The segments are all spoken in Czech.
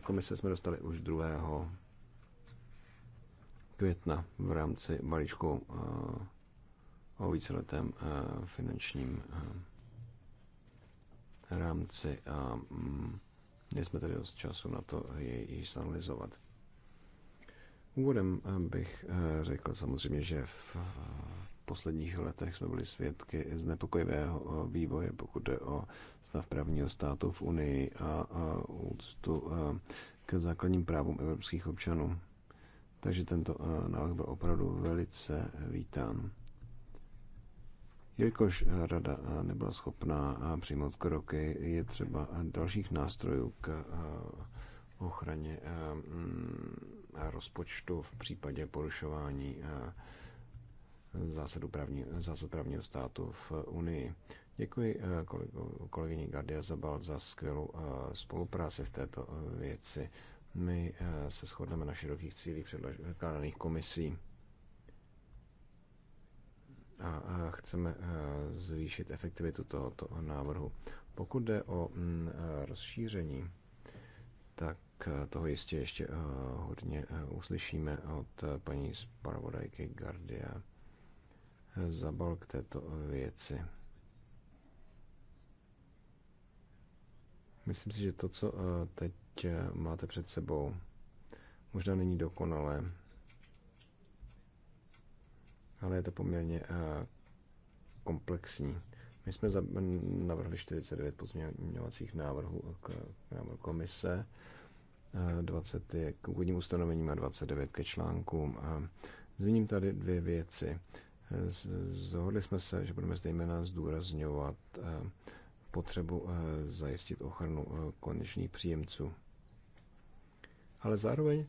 komise jsme dostali už 2. května v rámci balíčku eh, o víceletém eh, finančním eh, rámci a mm, jsme tady dost času na to jej již zanalizovat. Úvodem bych řekl samozřejmě, že v posledních letech jsme byli svědky znepokojivého eh, vývoje, pokud jde o stav právního státu v Unii a, a úctu eh, k základním právům evropských občanů. Takže tento eh, návrh byl opravdu velice vítán. Jelikož rada nebyla schopná přijmout kroky, je třeba dalších nástrojů k ochraně mm, rozpočtu v případě porušování zásadu právní, zásad právního státu v Unii. Děkuji eh, kolegyni Gardia Zabal za skvělou eh, spolupráci v této eh, věci. My se shodneme na širokých cílích předkládaných komisí a chceme zvýšit efektivitu tohoto návrhu. Pokud jde o mm, rozšíření, tak toho jistě ještě hodně uslyšíme od paní zpravodajky Gardia zabal k této věci. Myslím si, že to, co eh, teď eh, máte před sebou, možná není dokonalé, ale je to poměrně eh, komplexní. My jsme navrhli 49 pozměňovacích návrhů k, k návrhu komise, 20 je k úvodním ustanovením a 29 ke článkům. zmíním tady dvě věci. Zhodli jsme se, že budeme zejména zdůrazňovat eh, potřebu eh, zajistit ochranu eh, konečných příjemců. Ale zároveň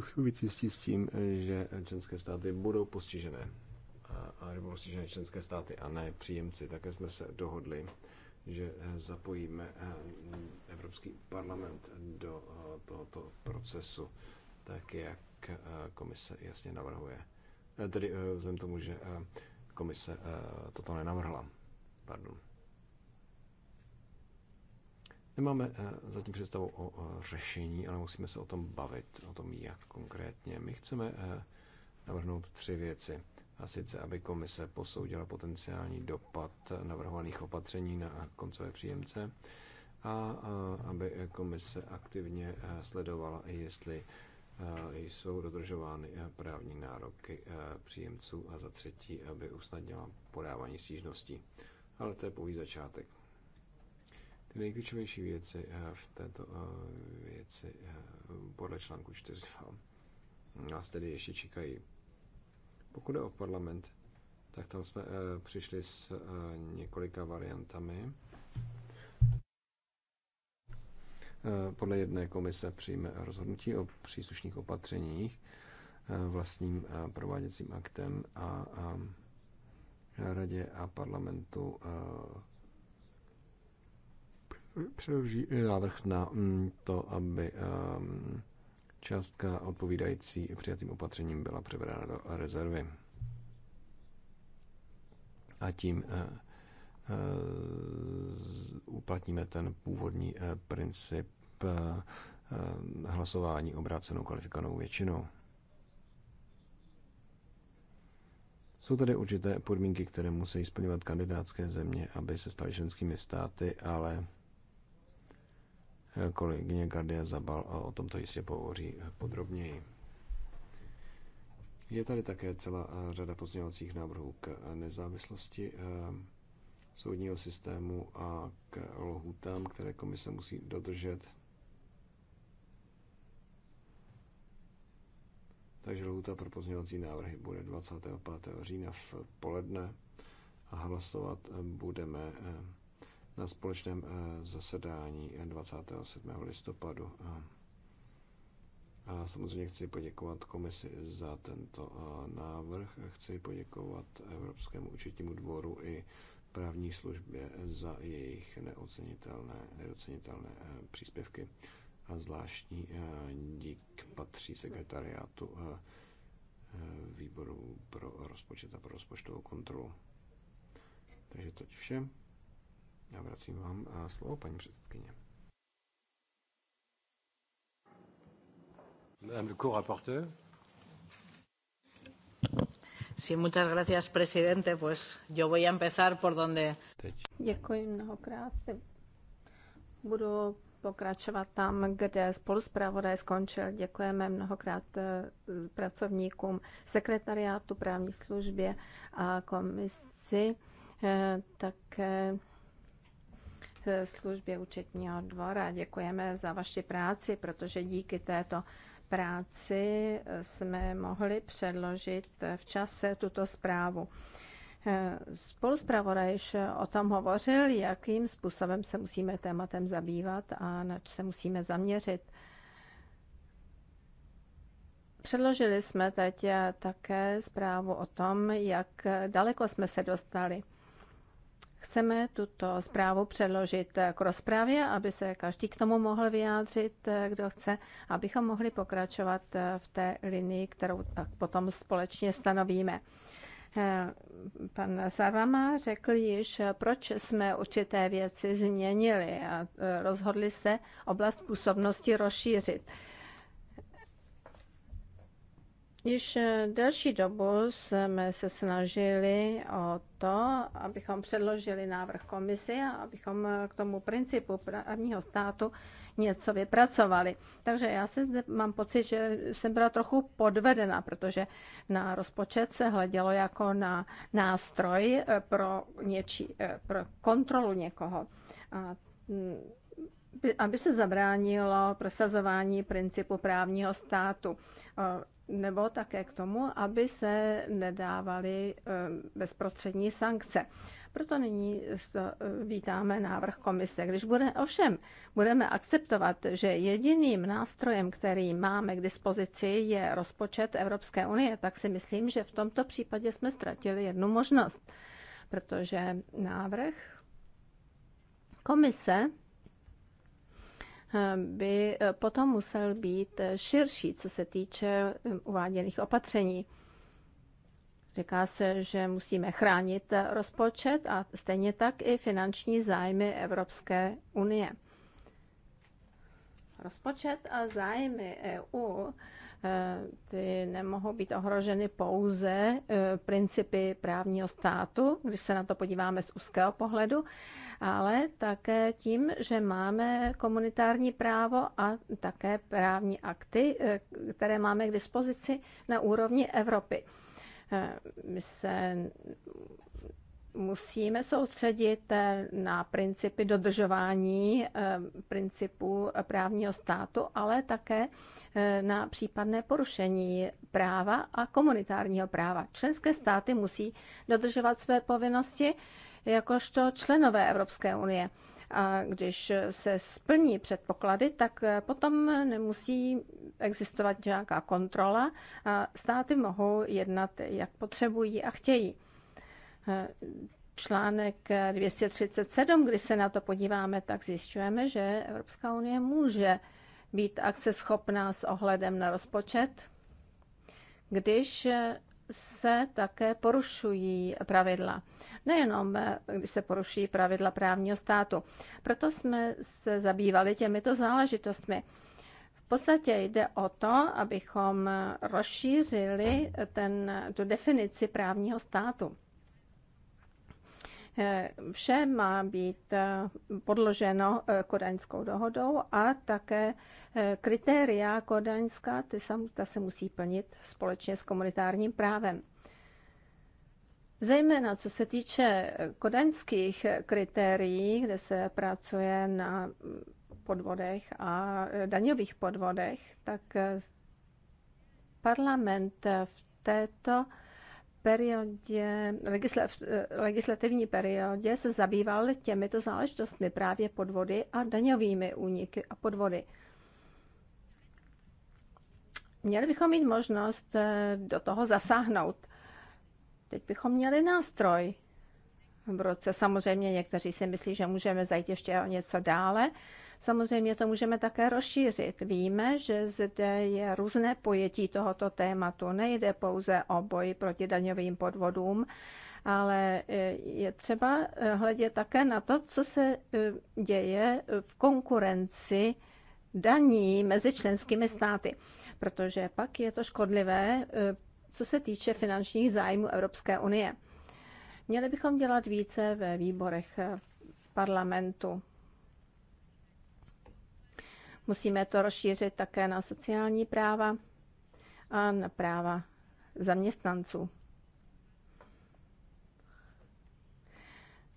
souvisí s tím, že členské státy budou postižené a nebo postižené členské státy a ne příjemci. Také jsme se dohodli, že zapojíme Evropský parlament do tohoto procesu, tak jak jak eh, komise jasně navrhuje. Eh, tedy eh, vzhledem tomu, že komise toto nenavrhla. Pardon. Nemáme zatím představu o řešení, ale musíme se o tom bavit, o tom jak konkrétně. My chceme navrhnout tři věci. A sice, aby komise posoudila potenciální dopad navrhovaných opatření na koncové příjemce a aby komise aktivně sledovala, jestli Eh, jsou dodržovány eh, právní nároky eh, příjemců a za třetí, aby usnadnila podávání stížností. Ale to je pouhý začátek. Ty nejklíčovější věci v této věci podle článku 4 nás tedy ještě čekají. Pokud je o parlament, tak tam jsme přišli s několika variantami Eh, podle jedné komise přijme rozhodnutí o příslušných opatřeních eh, vlastním prováděcím aktem a, radě a parlamentu eh, přeloží návrh na mm, to, aby částka odpovídající přijatým opatřením byla převedena do rezervy. A tím Eh, uplatníme ten původní eh, princip eh, hlasování obrácenou kvalifikovanou většinou. Jsou tady určité podmínky, které musí splňovat kandidátské země, aby se staly členskými státy, ale kolegyně Gardia Zabal a o tomto jistě pohovoří podrobněji. Je tady také celá řada pozměňovacích návrhů k nezávislosti soudního systému a k lohutám, které komise musí dodržet. Takže lhuta pro pozměňovací návrhy bude 25. října v poledne a hlasovat budeme eh, na společném eh, zasedání 27. listopadu. Eh, a samozřejmě chci poděkovat komisi za tento návrh, chci poděkovat Evropskému účetnímu dvoru i právní službě za jejich neocenitelné, nedocenitelné eh, příspěvky. A zvláštní eh, dík patří sekretariátu eh, výboru pro rozpočet a pro rozpočtovou kontrolu. Takže toť vše. Já vracím vám slovo, paní předsedkyně. Madame le co-rapporteur. Sí, muchas gracias, presidente. Pues yo voy a empezar por donde... Děkuji mnohokrát. Budu pokračovat tam, kde spoluzpravodaj skončil. Děkujeme mnohokrát eh, pracovníkům sekretariátu, právní službě a komisi, eh, také eh, službě účetního dvora. Děkujeme za vaši práci, protože díky této práci eh, jsme mohli předložit eh, čase tuto zprávu. Eh, Spoluzpravodajš o tom hovořil, jakým způsobem se musíme tématem zabývat a na co se musíme zaměřit. Předložili jsme teď také zprávu o tom, jak daleko jsme se dostali. Chceme tuto zprávu předložit k rozprávě, aby se každý k tomu mohl vyjádřit, kdo chce, abychom mohli pokračovat v té linii, kterou potom společně stanovíme. Pan Sarvama řekl již, proč jsme určité věci změnili a rozhodli se oblast působnosti rozšířit. Již eh, delší dobu jsme se snažili o to, abychom předložili návrh komisi a abychom eh, k tomu principu právního státu něco vypracovali. Takže já se zde mám pocit, že jsem byla trochu podvedena, protože na rozpočet se hledělo jako na nástroj eh, pro, něčí, pro kontrolu někoho. A mm, aby se zabránilo prosazování principu právního státu eh, nebo také k tomu, aby se nedávaly eh, bezprostřední sankce. Proto nyní eh, vítáme návrh komise. Když bude, ovšem budeme akceptovat, že jediným nástrojem, který máme k dispozici, je rozpočet Evropské unie, tak si myslím, že v tomto případě jsme ztratili jednu možnost, protože návrh komise by eh, potom musel být eh, širší, co se týče eh, uváděných opatření. Říká se, že musíme chránit rozpočet a stejně tak i finanční zájmy Evropské unie. Rozpočet a zájmy EU ty nemohou být ohroženy pouze eh, principy právního státu, když se na to podíváme z úzkého pohledu, ale také tím, že máme komunitární právo a také právní akty, eh, které máme k dispozici na úrovni Evropy. Eh, my se musíme soustředit eh, na principy dodržování eh, principů právního státu, ale také eh, na případné porušení práva a komunitárního práva. Členské státy musí dodržovat své povinnosti jakožto členové Evropské unie. A když se splní předpoklady, tak potom nemusí existovat nějaká kontrola a státy mohou jednat, jak potřebují a chtějí článek 237, když se na to podíváme, tak zjišťujeme, že Evropská unie může být akceschopná s ohledem na rozpočet, když se také porušují pravidla. Nejenom, když se porušují pravidla právního státu. Proto jsme se zabývali těmito záležitostmi. V podstatě jde o to, abychom rozšířili ten, tu definici právního státu. Eh, vše má být eh, podloženo eh, kodaňskou dohodou a také kritéria kodaňská, ty sam, ta se musí plnit společně s komunitárním právem. Zejména co se týče kodaňských kritérií, kde se pracuje na mm, podvodech a daňových podvodech, tak parlament v této periodě, eh, legislativní periodě se zabýval těmito záležitostmi, právě podvody a daňovými úniky a podvody. Měli bychom mít možnost eh, do toho zasáhnout. Teď bychom měli nástroj v roce. Samozřejmě někteří si myslí, že můžeme zajít ještě o něco dále, Samozřejmě to můžeme také rozšířit. Víme, že zde je různé pojetí tohoto tématu. Nejde pouze o boj proti daňovým podvodům, ale e, je třeba e, hledět také na to, co se e, děje v konkurenci daní mezi členskými státy, protože pak je to škodlivé, co se týče finančních zájmů Evropské unie. Měli bychom dělat více ve výborech parlamentu. Musíme to rozšířit také na sociální práva a na práva zaměstnanců.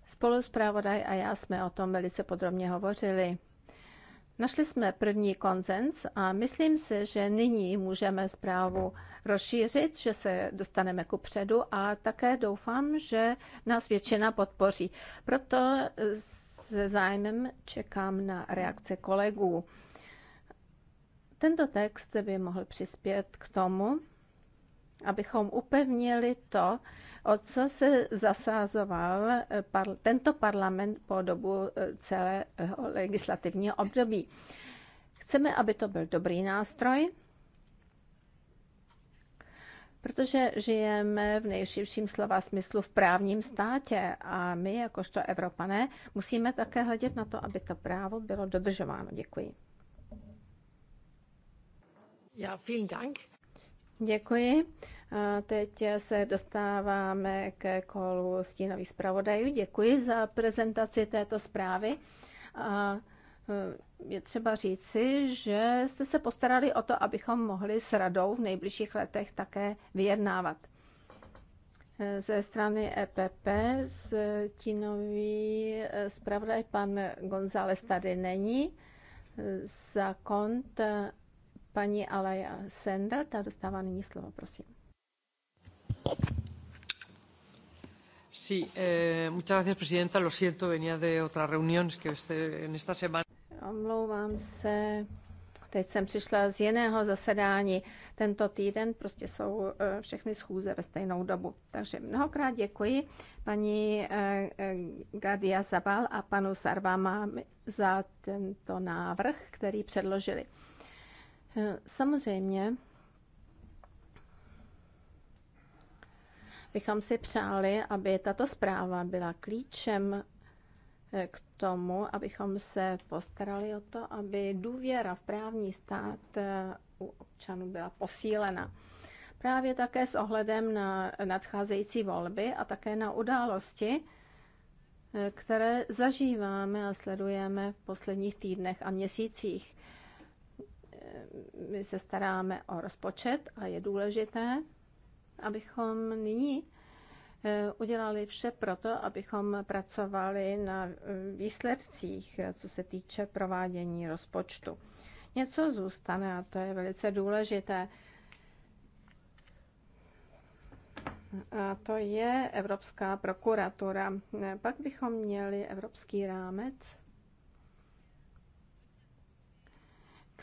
Spolu s Pravodaj a já jsme o tom velice podrobně hovořili. Našli jsme první konzens a myslím si, že nyní můžeme zprávu rozšířit, že se dostaneme ku předu a také doufám, že nás většina podpoří. Proto se zájmem čekám na reakce kolegů. Tento text by mohl přispět k tomu, abychom upevnili to, o co se zasázoval eh, par- tento parlament po dobu eh, celého legislativního období. Chceme, aby to byl dobrý nástroj, protože žijeme v nejširším slova smyslu v právním státě a my, jakožto Evropané, musíme také hledět na to, aby to právo bylo dodržováno. Děkuji. Ja, vielen Dank. Děkuji. A teď se dostáváme ke kolu stínových zpravodajů. Děkuji za prezentaci této zprávy. A e, je třeba říci, že jste se postarali o to, abychom mohli s radou v nejbližších letech také vyjednávat. E, ze strany EPP stínový e, zpravodaj pan González tady není. Za kont Paní Alaya Sender, ta dostává nyní slovo, prosím. Sí, eh, muchas gracias, presidenta. Lo siento, venía de otra reunión que este, en esta semana. Omlouvám se, teď jsem přišla z jiného zasedání. Tento týden prostě jsou eh, všechny schůze ve stejnou dobu. Takže mnohokrát děkuji paní eh, eh, Gadia Zabal a panu Sarvama za tento návrh, který předložili. Samozřejmě bychom si přáli, aby tato zpráva byla klíčem eh, k tomu, abychom se postarali o to, aby důvěra v právní stát eh, u občanů byla posílena. Právě také s ohledem na nadcházející volby a také na události, eh, které zažíváme a sledujeme v posledních týdnech a měsících my se staráme o rozpočet a je důležité, abychom nyní eh, udělali vše proto, abychom pracovali na eh, výsledcích, co se týče provádění rozpočtu. Něco zůstane a to je velice důležité. A to je Evropská prokuratura. Pak bychom měli evropský rámec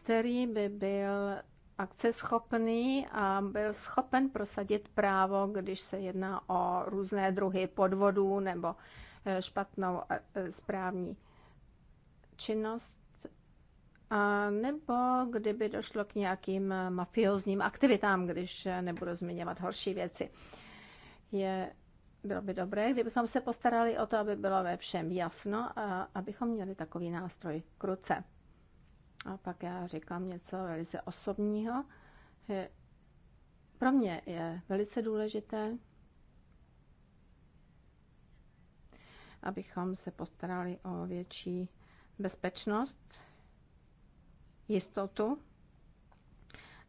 který by byl akceschopný a byl schopen prosadit právo, když se jedná o různé druhy podvodů nebo eh, špatnou eh, eh, správní činnost, a nebo kdyby došlo k nějakým mafiozním aktivitám, když nebudu zmiňovat horší věci. Je, bylo by dobré, kdybychom se postarali o to, aby bylo ve všem jasno a abychom měli takový nástroj k ruce. A pak já říkám něco velice osobního. Pro mě je velice důležité, abychom se postarali o větší bezpečnost, jistotu.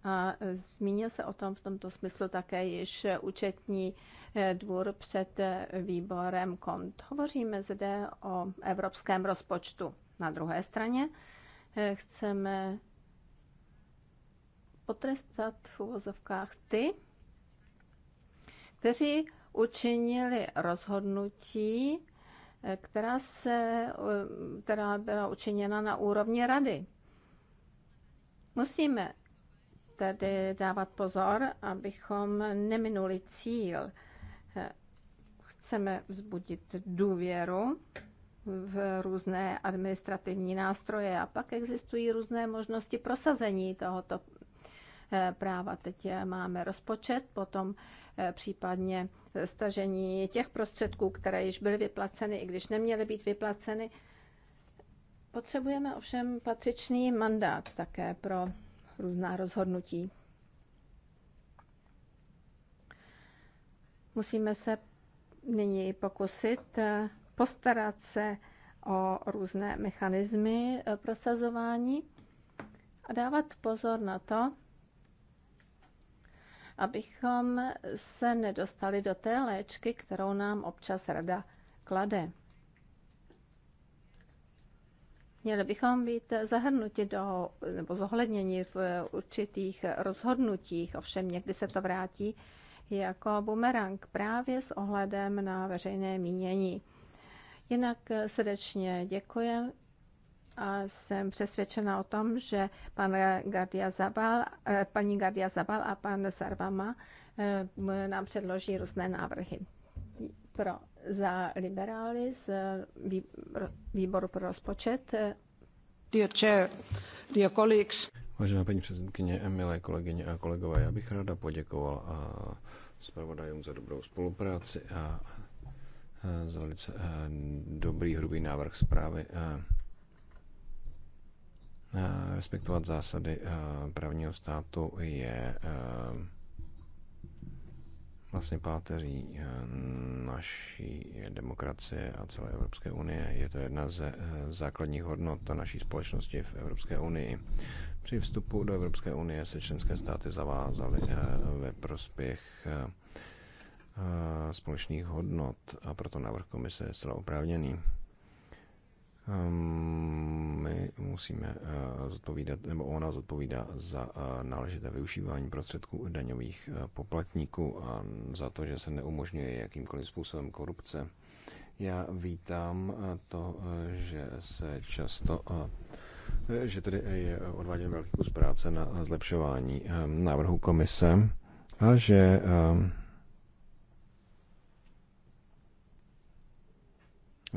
A zmínil se o tom v tomto smyslu také již účetní eh, dvůr před eh, výborem KONT. Hovoříme zde o evropském rozpočtu. Na druhé straně Eh, chceme potrestat v uvozovkách ty, kteří učinili rozhodnutí, eh, která, se, eh, která byla učiněna na úrovni rady. Musíme tedy dávat pozor, abychom neminuli cíl. Chceme vzbudit důvěru v různé administrativní nástroje a pak existují různé možnosti prosazení tohoto eh, práva. Teď eh, máme rozpočet, potom eh, případně stažení těch prostředků, které již byly vyplaceny, i když neměly být vyplaceny. Potřebujeme ovšem patřičný mandát také pro různá rozhodnutí. Musíme se nyní pokusit postarat se o různé mechanismy eh, prosazování a dávat pozor na to, abychom se nedostali do té léčky, kterou nám občas rada klade. Měli bychom být zahrnuti do, nebo zohledněni v eh, určitých rozhodnutích, ovšem někdy se to vrátí jako bumerang právě s ohledem na veřejné mínění. Jinak eh, srdečně děkuji a jsem přesvědčena o tom, že pan Gardia Zabal, eh, paní Gardia Zabal a pan Sarvama eh, nám předloží různé návrhy pro, za liberály z výboru pro rozpočet. Dear chair, dear colleagues. Vážená paní předsedkyně, milé kolegyně a kolegové, já bych ráda poděkoval a zpravodajům za dobrou spolupráci a Eh, za velice eh, dobrý hrubý návrh zprávy. Eh, respektovat zásady právního státu je vlastně páteří naší demokracie a celé Evropské unie. Je to jedna ze základních hodnot naší společnosti v Evropské unii. Při vstupu do Evropské unie se členské státy zavázaly ve prospěch společných hodnot a proto návrh komise je zcela oprávněný. Ehm, my musíme e, zodpovídat, nebo ona zodpovídá za e, náležité využívání prostředků daňových e, poplatníků a za to, že se neumožňuje jakýmkoliv způsobem korupce. Já vítám to, že se často že tedy je odváděn velký kus práce na zlepšování návrhu komise a že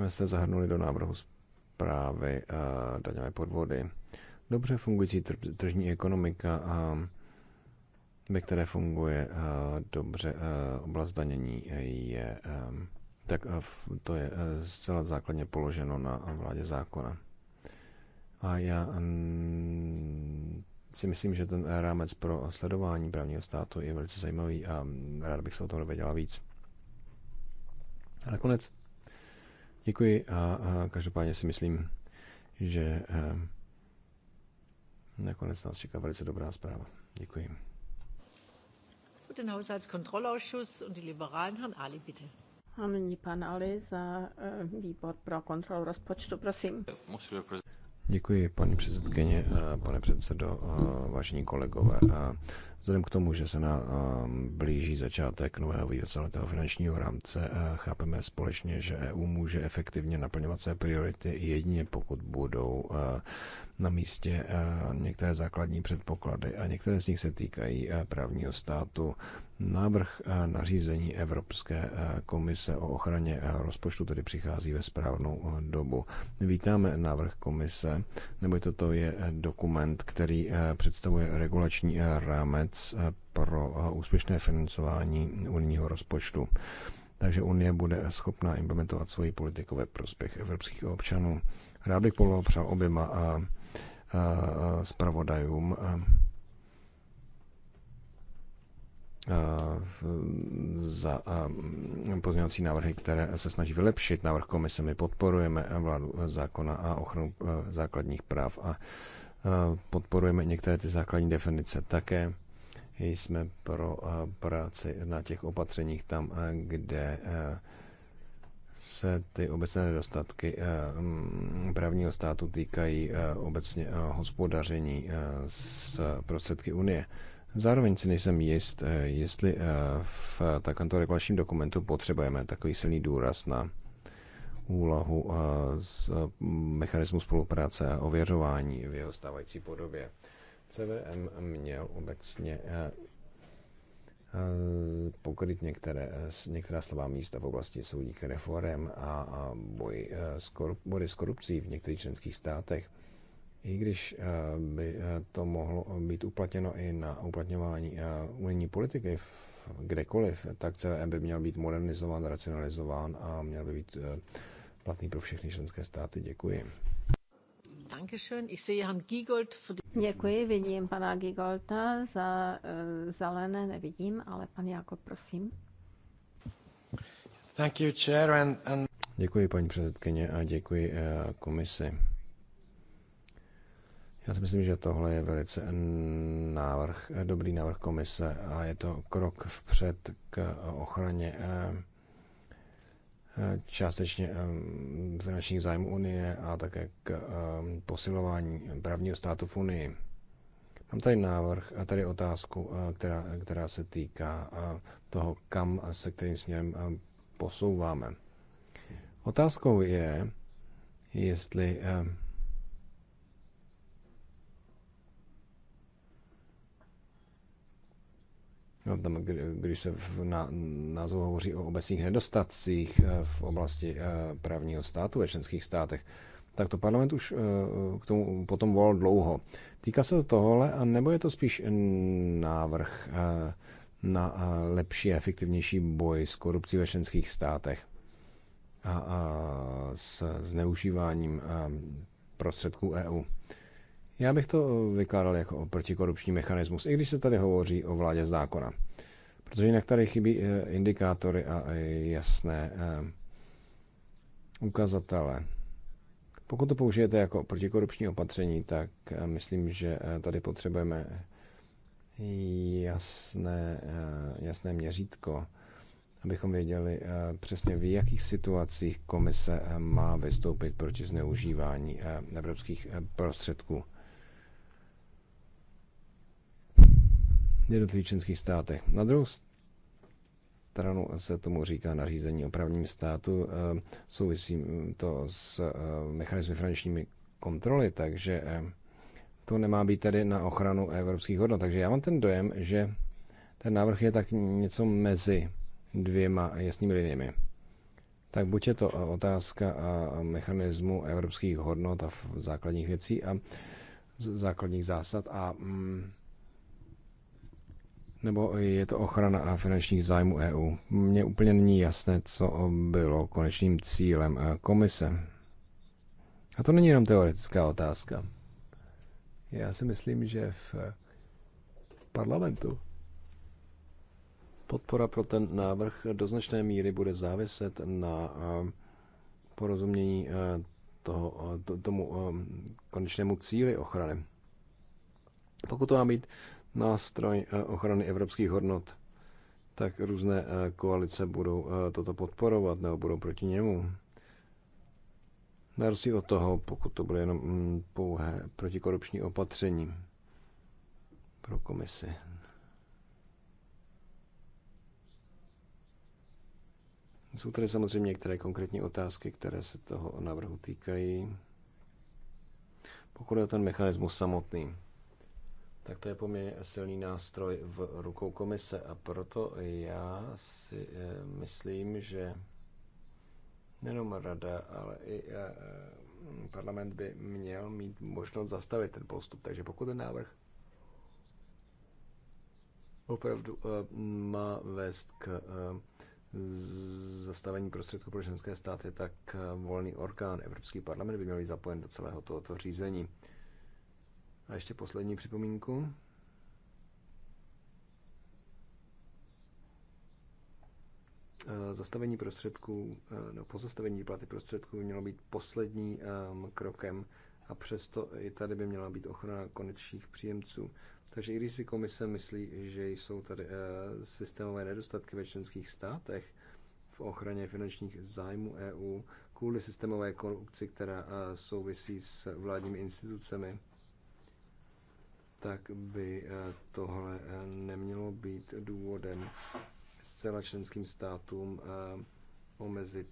se zahrnuli do návrhu zprávy eh, daňové podvody. Dobře fungující tržní ekonomika, a ve které funguje eh, dobře eh, oblast danění, je, tak to je zcela základně položeno na vládě zákona. A já si myslím, že ten rámec pro sledování právního státu je velice zajímavý a rád bych se o tom dověděla víc. A nakonec Děkuji a, a každopádně si myslím, že eh, nakonec nás čeká velice dobrá zpráva. Děkuji. A nyní pan Ali za eh, výbor pro kontrolu rozpočtu, prosím. Děkuji, paní předsedkyně, eh, pane předsedo, eh, vážení kolegové. Eh, vzhledem k tomu, že se na blíží začátek nového víceletého finančního rámce, chápeme společně, že EU může efektivně naplňovat své priority jedině, pokud budou na místě některé základní předpoklady a některé z nich se týkají právního státu, Návrh eh, nařízení Evropské eh, komise o ochraně eh, rozpočtu tedy přichází ve správnou dobu. Vítáme návrh komise, nebo toto je dokument, který představuje regulační rámec pro úspěšné financování unijního rozpočtu. Takže Unie bude schopná implementovat svoji politiku ve prospěch evropských občanů. Rád bych poblahopřál oběma zpravodajům. A, a, Eh, za eh, pozměňovací návrhy, které se snaží vylepšit. Návrh komise my podporujeme vládu zákona a ochranu eh, základních práv a podporujeme některé ty základní definice také. Jsme pro práci na těch opatřeních tam, kde se ty obecné nedostatky mm, právního státu týkají obecně hospodaření s prostředky Unie Zároveň si nejsem jist, eh, jestli eh, v takovémto regulačním dokumentu potřebujeme takový silný důraz na úlohu eh, z mm, mechanismu spolupráce a ověřování v jeho stávající podobě. CVM měl obecně pokryt některé, některá slabá místa v oblasti soudních reform a, a boj, s korup, s korupcí v některých členských státech i když eh, by eh, to mohlo být uplatněno i na uplatňování eh, unijní politiky kdekoliv, tak CVM e by měl být modernizován, racionalizován a měl by být platný pro všechny členské státy. Děkuji. Děkuji, vidím pana Gigolta za zelené, nevidím, ale pan Jakob, prosím. Děkuji, paní předsedkyně, a děkuji komisi. Já si myslím, že tohle je velice návrh, dobrý návrh komise a je to krok vpřed k ochraně eh, eh, částečně eh, finančních zájmů Unie a také k posilování právního státu v Unii. Mám tady návrh a tady otázku, která, která se týká toho, kam a se kterým směrem posouváme. Otázkou je, jestli No, tam, když se v názvu hovoří o obecných nedostatcích eh, v oblasti eh, právního státu ve členských státech, tak to parlament už eh, k tomu potom volal dlouho. Týká se to tohle, nebo je to spíš návrh na lepší a efektivnější boj s korupcí ve členských státech a s zneužíváním prostředků EU? Já bych to eh, vykládal jako protikorupční mechanismus, i když se tady hovoří o vládě zákona. Protože jinak tady chybí eh, indikátory a eh, jasné ukazatele. Pokud to použijete jako protikorupční opatření, tak myslím, že tady potřebujeme jasné, jasné měřítko, abychom věděli přesně v jakých situacích komise má vystoupit proti zneužívání evropských prostředků. jednotlivých členských státech. Na druhou stranu se tomu říká nařízení o právním státu, eh, souvisí mm, to s eh, mechanizmy finančními kontroly, takže eh, to nemá být tedy na ochranu evropských hodnot. Takže já mám ten dojem, že ten návrh je tak něco mezi dvěma jasnými liniemi. Tak buď je to otázka a mechanismu evropských hodnot a základních věcí a základních zásad a mm, nebo je to ochrana a finančních zájmů EU? Mně úplně není jasné, co bylo konečným cílem eh, komise. A to není jenom teoretická otázka. Já si myslím, že v eh, parlamentu podpora pro ten návrh do značné míry bude záviset na eh, porozumění toho, tomu konečnému cíli ochrany. Pokud to má být nástroj eh, ochrany evropských hodnot, tak různé eh, koalice budou eh, toto podporovat nebo budou proti němu. Na rozdíl od toho, pokud to bude jenom mm, pouhé protikorupční opatření pro komisi. Jsou tady samozřejmě některé konkrétní otázky, které se toho návrhu týkají. Pokud je ten mechanismus samotný tak to je poměrně silný nástroj v rukou komise. A proto já si eh, myslím, že nejenom rada, ale i eh, parlament by měl mít možnost zastavit ten postup. Takže pokud ten návrh opravdu eh, má vést k zastavení prostředků pro ženské státy, tak volný orgán Evropský parlament by měl být zapojen do celého tohoto řízení. A ještě poslední připomínku. Eh, zastavení prostředků, eh, no pozastavení výplaty prostředků mělo být poslední ehm, krokem a přesto i tady by měla být ochrana konečných příjemců. Takže i když si komise myslí, že jsou tady eh, systémové nedostatky ve členských státech v ochraně finančních zájmů EU kvůli systémové korupci, která souvisí s vládními institucemi, tak by eh, tohle eh, nemělo být důvodem zcela členským státům eh, omezit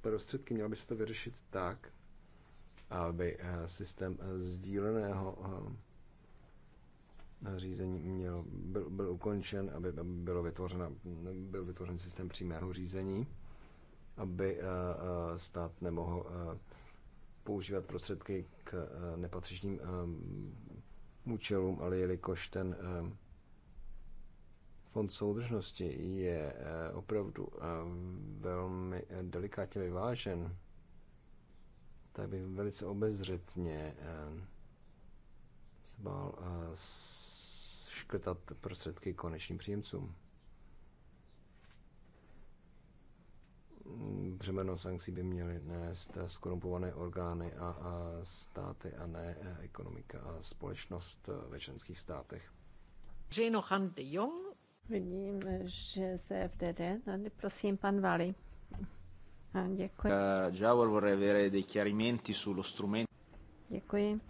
prostředky. Mělo by se to vyřešit tak, aby systém sdíleného řízení měl, byl, byl ukončen, aby bylo vytvořena, byl vytvořen systém přímého řízení, aby stát nemohl používat prostředky k nepatřičným účelům, ale jelikož ten eh, fond soudržnosti je eh, opravdu eh, velmi delikátně vyvážen, tak bych velice obezřetně se bál škrtat prostředky konečným příjemcům. břemeno sankcí by měly nést skorumpované orgány a, a státy a ne eh, ekonomika a společnost eh, ve členských státech. Vidím, že se FDD. Tady no, prosím, pan Vali. A děkuji. Eh, Giavor vorrei avere dei chiarimenti sullo strumento. Děkuji.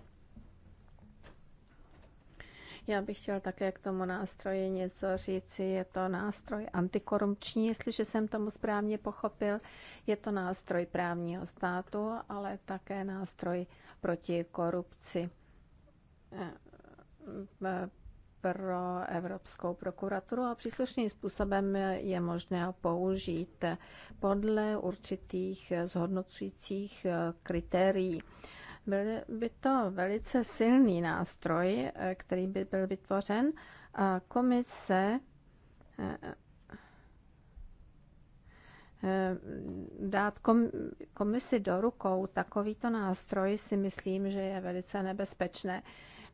Já bych chtěla také k tomu nástroji něco říci. Je to nástroj antikorupční, jestliže jsem tomu správně pochopil. Je to nástroj právního státu, ale také nástroj proti korupci eh, eh, pro Evropskou prokuraturu a příslušným způsobem je možné použít podle určitých zhodnocujících eh, kritérií. Byl by to velice silný nástroj, eh, který by byl vytvořen a komise eh, eh, dát komisi do rukou takovýto nástroj si myslím, že je velice nebezpečné.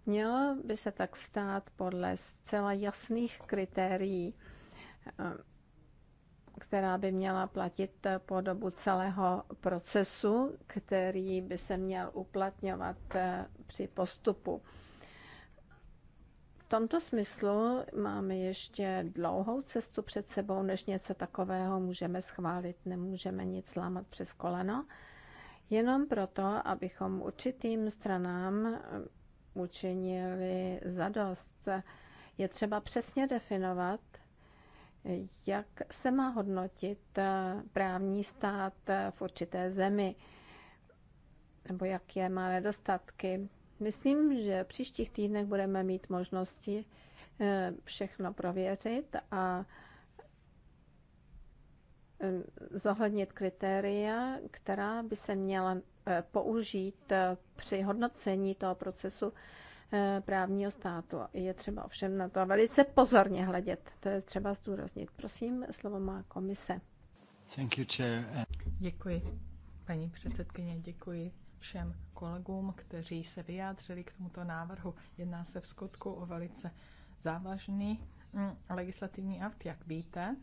Mělo by se tak stát podle zcela jasných kritérií která by měla platit po dobu celého procesu, který by se měl uplatňovat eh, při postupu. V tomto smyslu máme ještě dlouhou cestu před sebou, než něco takového můžeme schválit. Nemůžeme nic lámat přes koleno, jenom proto, abychom určitým stranám eh, učinili zadost. Je třeba přesně definovat, jak se má hodnotit eh, právní stát eh, v určité zemi? Nebo jaké má nedostatky? Myslím, že v příštích týdnech budeme mít možnosti eh, všechno prověřit a zohlednit kritéria, která by se měla použít při hodnocení toho procesu Eh, právního státu. Je třeba ovšem na to velice pozorně hledět. To je třeba zdůraznit. Prosím, slovo má komise. Thank you, chair. Děkuji, paní předsedkyně, děkuji všem kolegům, kteří se vyjádřili k tomuto návrhu. Jedná se v skutku o velice závažný mm, legislativní akt, jak víte.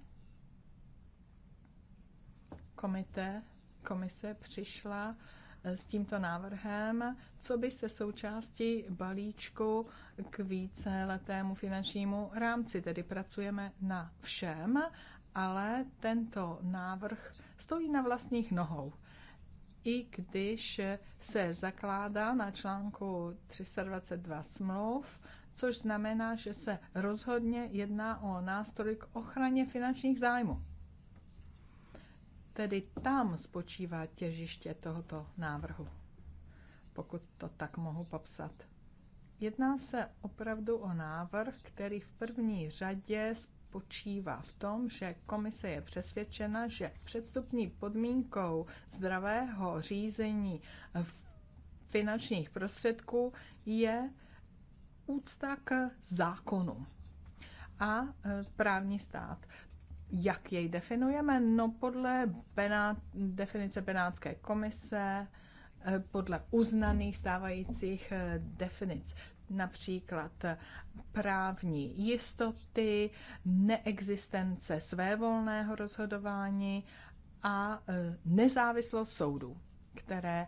Komité, komise přišla uh, s tímto návrhem, co by se součástí balíčku k víceletému finančnímu rámci. Tedy pracujeme na všem, ale tento návrh stojí na vlastních nohou. I když se zakládá na článku 322 smluv, což znamená, že se rozhodně jedná o nástroj k ochraně finančních zájmů. Tedy tam spočívá těžiště tohoto návrhu, pokud to tak mohu popsat. Jedná se opravdu o návrh, který v první řadě spočívá v tom, že komise je přesvědčena, že předstupní podmínkou zdravého řízení finančních prostředků je úcta k zákonu a e, právní stát. Jak jej definujeme? No podle Benát, definice Benátské komise, eh, podle uznaných stávajících eh, definic, například eh, právní jistoty, neexistence svévolného rozhodování a nezávislost soudů, které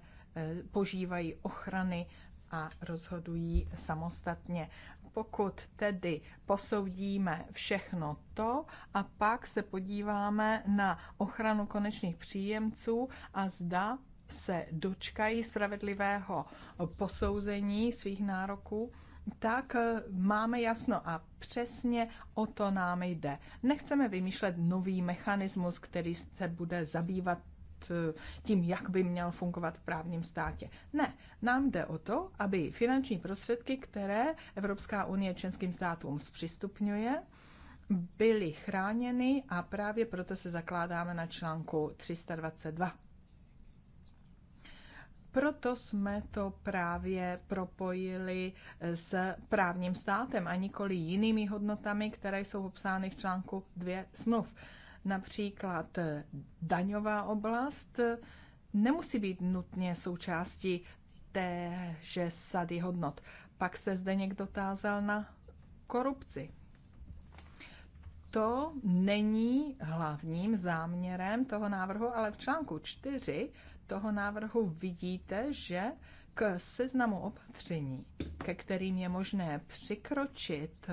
požívají ochrany a rozhodují samostatně pokud tedy posoudíme všechno to a pak se podíváme na ochranu konečných příjemců a zda se dočkají spravedlivého posouzení svých nároků, tak eh, máme jasno a přesně o to nám jde. Nechceme vymýšlet nový mechanismus, který se bude zabývat Eh, tím, jak by měl fungovat v právním státě. Ne, nám jde o to, aby finanční prostředky, které Evropská unie členským státům zpřistupňuje, byly chráněny a právě proto se zakládáme na článku 322. Proto jsme to právě propojili s právním státem a nikoli jinými hodnotami, které jsou obsány v článku 2 smluv. Například eh, daňová oblast eh, nemusí být nutně součástí téže sady hodnot. Pak se zde někdo tázal na korupci. To není hlavním záměrem toho návrhu, ale v článku 4 toho návrhu vidíte, že k seznamu opatření, ke kterým je možné přikročit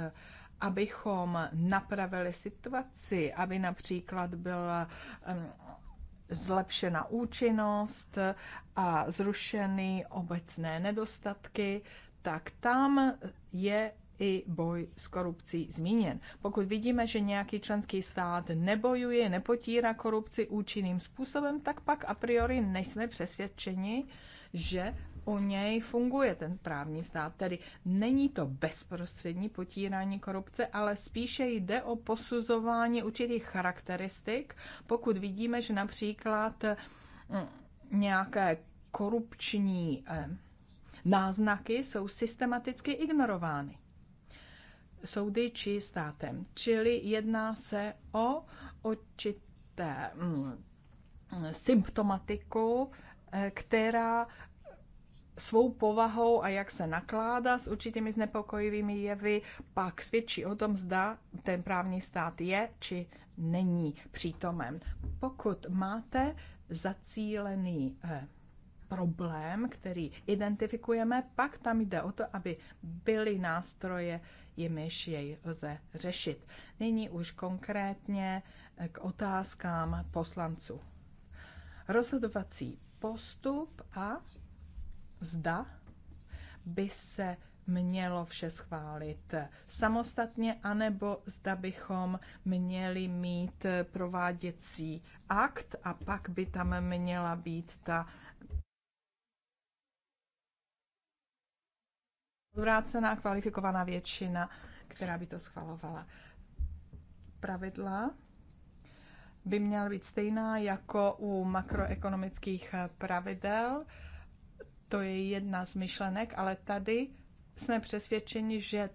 abychom napravili situaci, aby například byla zlepšena účinnost a zrušeny obecné nedostatky, tak tam je i boj s korupcí zmíněn. Pokud vidíme, že nějaký členský stát nebojuje, nepotírá korupci účinným způsobem, tak pak a priori nejsme přesvědčeni, že u něj funguje ten právní stát. Tedy není to bezprostřední potírání korupce, ale spíše jde o posuzování určitých charakteristik. Pokud vidíme, že například mm, nějaké korupční eh, náznaky jsou systematicky ignorovány soudy či státem. Čili jedná se o určité mm, symptomatiku, eh, která svou povahou a jak se nakládá s určitými znepokojivými jevy, pak svědčí o tom, zda ten právní stát je či není přítomen. Pokud máte zacílený eh, problém, který identifikujeme, pak tam jde o to, aby byly nástroje, jimiž jej lze řešit. Nyní už konkrétně eh, k otázkám poslanců. Rozhodovací postup a zda by se mělo vše schválit samostatně, anebo zda bychom měli mít prováděcí akt a pak by tam měla být ta zvrácená kvalifikovaná většina, která by to schvalovala. Pravidla by měla být stejná jako u makroekonomických pravidel to je jedna z myšlenek, ale tady jsme přesvědčeni, že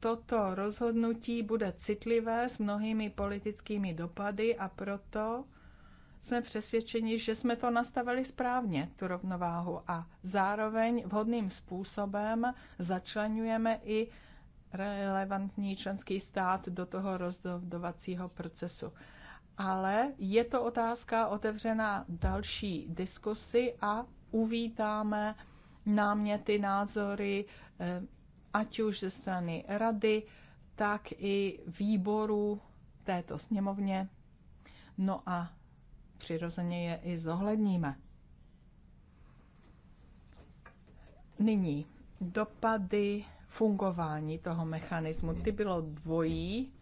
toto rozhodnutí bude citlivé s mnohými politickými dopady a proto jsme přesvědčeni, že jsme to nastavili správně, tu rovnováhu, a zároveň vhodným způsobem začlenujeme i relevantní členský stát do toho rozhodovacího procesu. Ale je to otázka otevřená další diskusi a uvítáme náměty, názory, eh, ať už ze strany rady, tak i výboru této sněmovně. No a přirozeně je i zohledníme. Nyní dopady fungování toho mechanismu. Ty bylo dvojí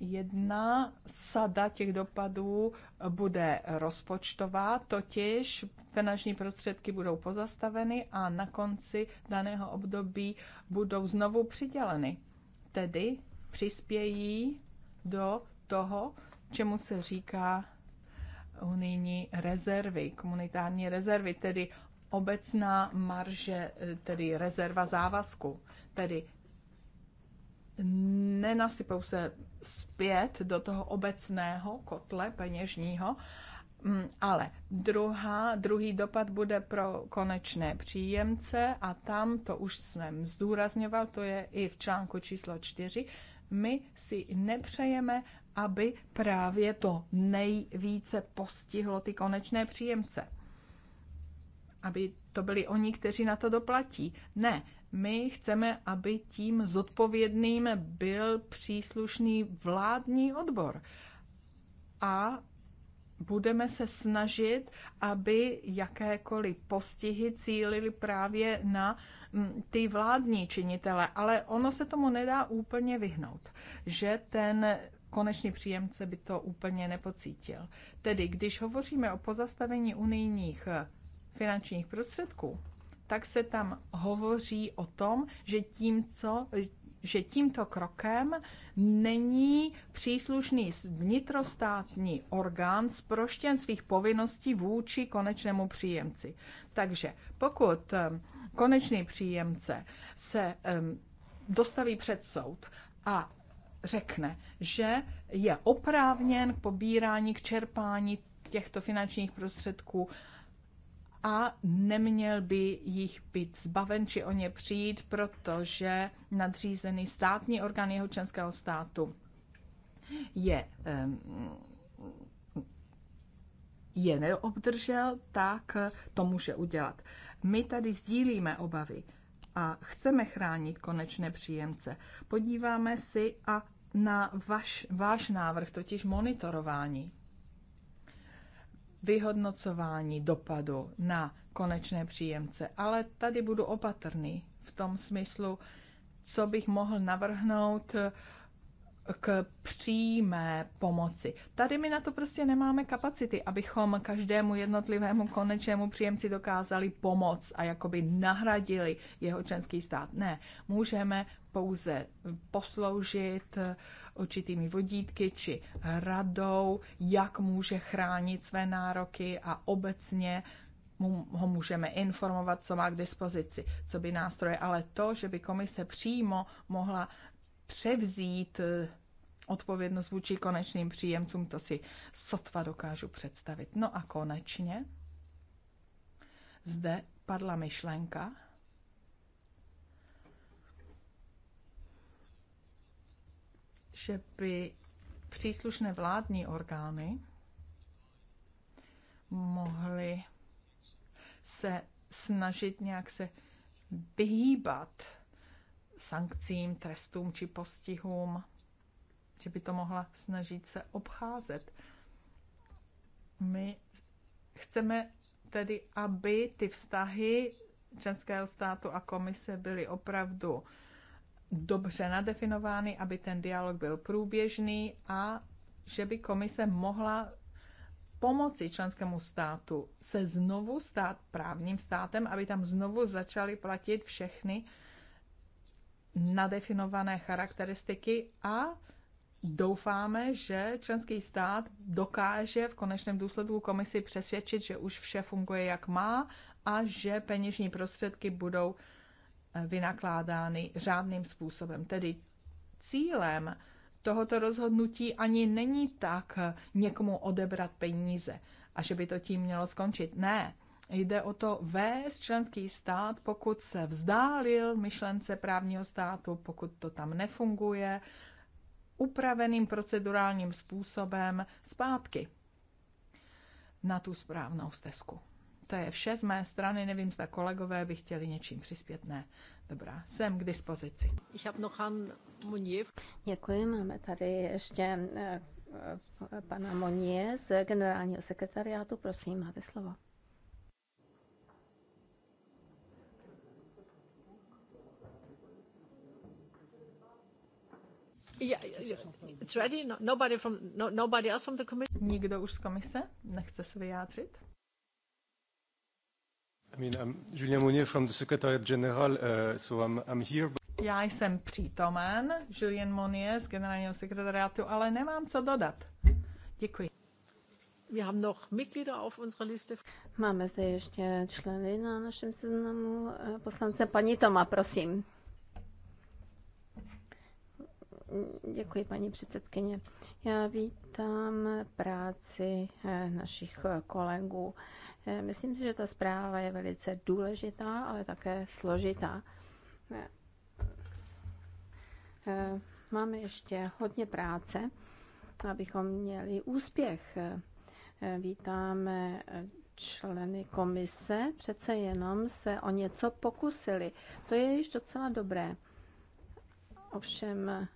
Jedna sada těch dopadů bude rozpočtová, totiž finanční prostředky budou pozastaveny a na konci daného období budou znovu přiděleny. Tedy přispějí do toho, čemu se říká unijní rezervy, komunitární rezervy, tedy obecná marže, tedy rezerva závazku. Tedy nenasypou se zpět do toho obecného kotle peněžního, mm, ale druhá, druhý dopad bude pro konečné příjemce a tam, to už jsem zdůrazňoval, to je i v článku číslo 4, my si nepřejeme, aby právě to nejvíce postihlo ty konečné příjemce. Aby to byli oni, kteří na to doplatí. Ne, my chceme, aby tím zodpovědným byl příslušný vládní odbor. A budeme se snažit, aby jakékoliv postihy cílily právě na mm, ty vládní činitele, ale ono se tomu nedá úplně vyhnout, že ten konečný příjemce by to úplně nepocítil. Tedy, když hovoříme o pozastavení unijních eh, finančních prostředků, tak se tam hovoří o tom, že tím, co, že tímto krokem není příslušný vnitrostátní orgán sproštěn svých povinností vůči konečnému příjemci. Takže pokud konečný příjemce se dostaví před soud a řekne, že je oprávněn k pobírání, k čerpání těchto finančních prostředků a neměl by jich být zbaven či o ně přijít, protože nadřízený státní orgán jeho členského státu je, je neobdržel, tak to může udělat. My tady sdílíme obavy a chceme chránit konečné příjemce. Podíváme si a na vaš, váš návrh, totiž monitorování vyhodnocování dopadu na konečné příjemce, ale tady budu opatrný v tom smyslu, co bych mohl navrhnout eh, k přímé pomoci. Tady my na to prostě nemáme kapacity, abychom každému jednotlivému konečnému příjemci dokázali pomoc a jakoby nahradili jeho členský stát. Ne, můžeme pouze posloužit eh, určitými vodítky či radou, jak může chránit své nároky a obecně mu, ho můžeme informovat, co má k dispozici, co by nástroje, ale to, že by komise přímo mohla převzít eh, odpovědnost vůči konečným příjemcům, to si sotva dokážu představit. No a konečně zde padla myšlenka, že by příslušné vládní orgány mohly se snažit nějak se vyhýbat sankcím, trestům či postihům, že by to mohla snažit se obcházet. My chceme tedy, aby ty vztahy českého státu a komise byly opravdu dobře nadefinovány, aby ten dialog byl průběžný a že by komise mohla pomoci členskému státu se znovu stát právním státem, aby tam znovu začaly platit všechny nadefinované charakteristiky a doufáme, že členský stát dokáže v konečném důsledku komisi přesvědčit, že už vše funguje jak má a že peněžní prostředky budou vynakládány řádným způsobem. Tedy cílem tohoto rozhodnutí ani není tak někomu odebrat peníze a že by to tím mělo skončit. Ne, jde o to vést členský stát, pokud se vzdálil myšlence právního státu, pokud to tam nefunguje, upraveným procedurálním způsobem zpátky na tu správnou stezku. To je vše z mé strany, nevím, zda kolegové by chtěli něčím přispět, ne. Dobrá, jsem k dispozici. Děkuji, máme tady ještě eh, eh, pana Monie z generálního sekretariátu. Prosím, máte slovo. Nikdo už z komise nechce se vyjádřit? I mean, I'm Julien Mounier from the Secretariat General, uh, so I'm, I'm here. But... Já jsem přítomen, Julien Monnier z generálního sekretariátu, ale nemám co dodat. Děkuji. Wir haben noch Mitglieder auf unserer Liste. Máme zde ještě členy na našem seznamu. Eh, poslance paní Toma, prosím. Děkuji, paní předsedkyně. Já vítám práci eh, našich eh, kolegů. Eh, myslím si, že ta zpráva je velice důležitá, ale také složitá. Eh, eh, máme ještě hodně práce, abychom měli úspěch. Vítáme členy komise, přece jenom se o něco pokusili. To je již docela dobré. Ovšem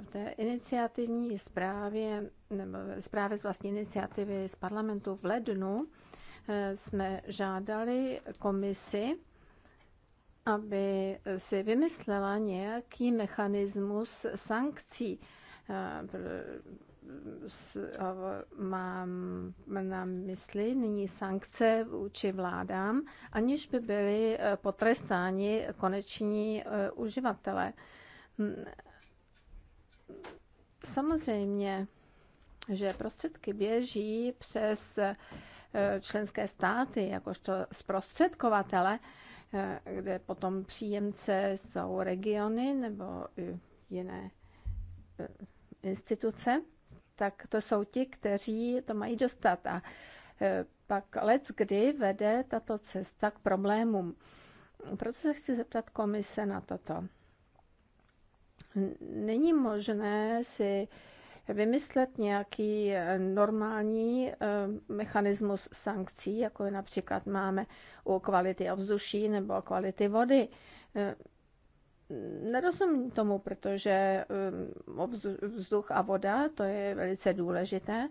v té iniciativní zprávě, nebo zprávě z vlastní iniciativy z parlamentu v lednu, jsme žádali komisi, aby si vymyslela nějaký mechanismus sankcí. Mám na mysli nyní sankce vůči vládám, aniž by byly potrestáni koneční eh, uživatelé. Samozřejmě, že prostředky běží přes Eh, členské státy jakožto zprostředkovatele, eh, kde potom příjemce jsou regiony nebo jiné eh, instituce, tak to jsou ti, kteří to mají dostat. A pak let, kdy vede tato cesta k problémům. Proto se chci zeptat komise na toto. Není možné si vymyslet nějaký eh, normální eh, mechanismus sankcí, jako je například máme u kvality ovzduší nebo kvality vody. Eh, nerozumím tomu, protože vzduch a voda, to je velice důležité.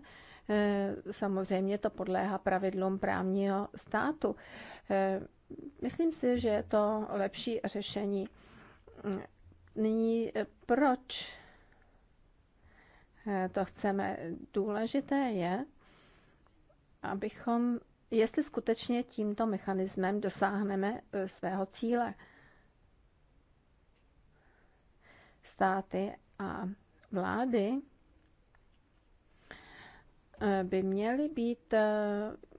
Samozřejmě to podléhá pravidlům právního státu. Myslím si, že je to lepší řešení. Nyní proč Eh, to chceme. Důležité je, abychom, jestli skutečně tímto mechanismem dosáhneme eh, svého cíle. Státy a vlády eh, by měly být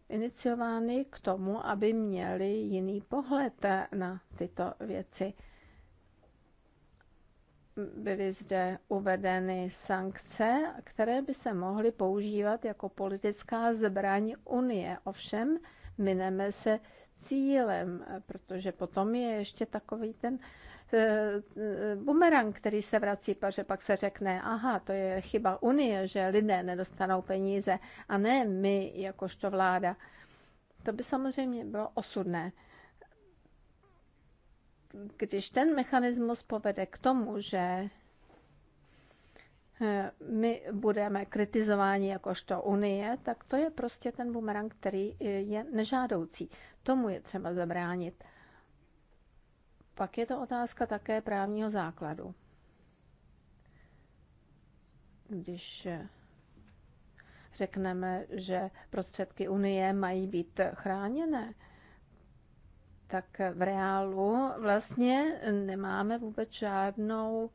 iniciovány k tomu, aby měli jiný pohled na tyto věci byly zde uvedeny sankce, které by se mohly používat jako politická zbraň Unie. Ovšem, mineme se cílem, protože potom je ještě takový ten eh, eh, bumerang, který se vrací, protože pak se řekne, aha, to je chyba Unie, že lidé nedostanou peníze a ne my jakožto vláda. To by samozřejmě bylo osudné když ten mechanismus povede k tomu, že eh, my budeme kritizováni jakožto Unie, tak to je prostě ten bumerang, který eh, je nežádoucí. Tomu je třeba zabránit. Pak je to otázka také právního základu. Když eh, řekneme, že prostředky Unie mají být chráněné, tak v reálu vlastně nemáme vůbec žádnou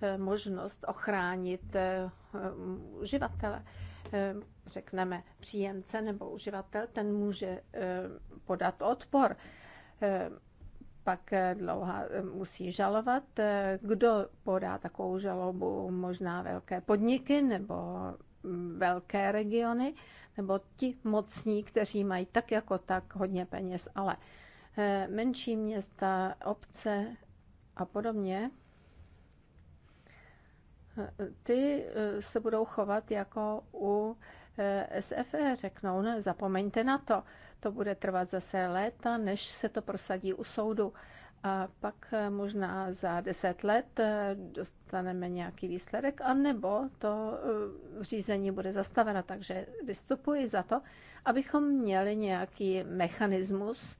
eh, možnost ochránit eh, eh, uživatele. Řekneme příjemce nebo uživatel, ten může podat odpor. Pak dlouhá musí žalovat. Kdo podá takovou žalobu? Možná velké podniky nebo mm, velké regiony, nebo ti mocní, kteří mají tak jako tak hodně peněz, ale Eh, menší města, obce a podobně, eh, ty eh, se budou chovat jako u SFE, řeknou, ne, zapomeňte na to, to bude trvat zase léta, než se to prosadí u soudu. A pak možná za deset let dostaneme nějaký výsledek, anebo to řízení bude zastaveno. Takže vystupuji za to, abychom měli nějaký mechanismus,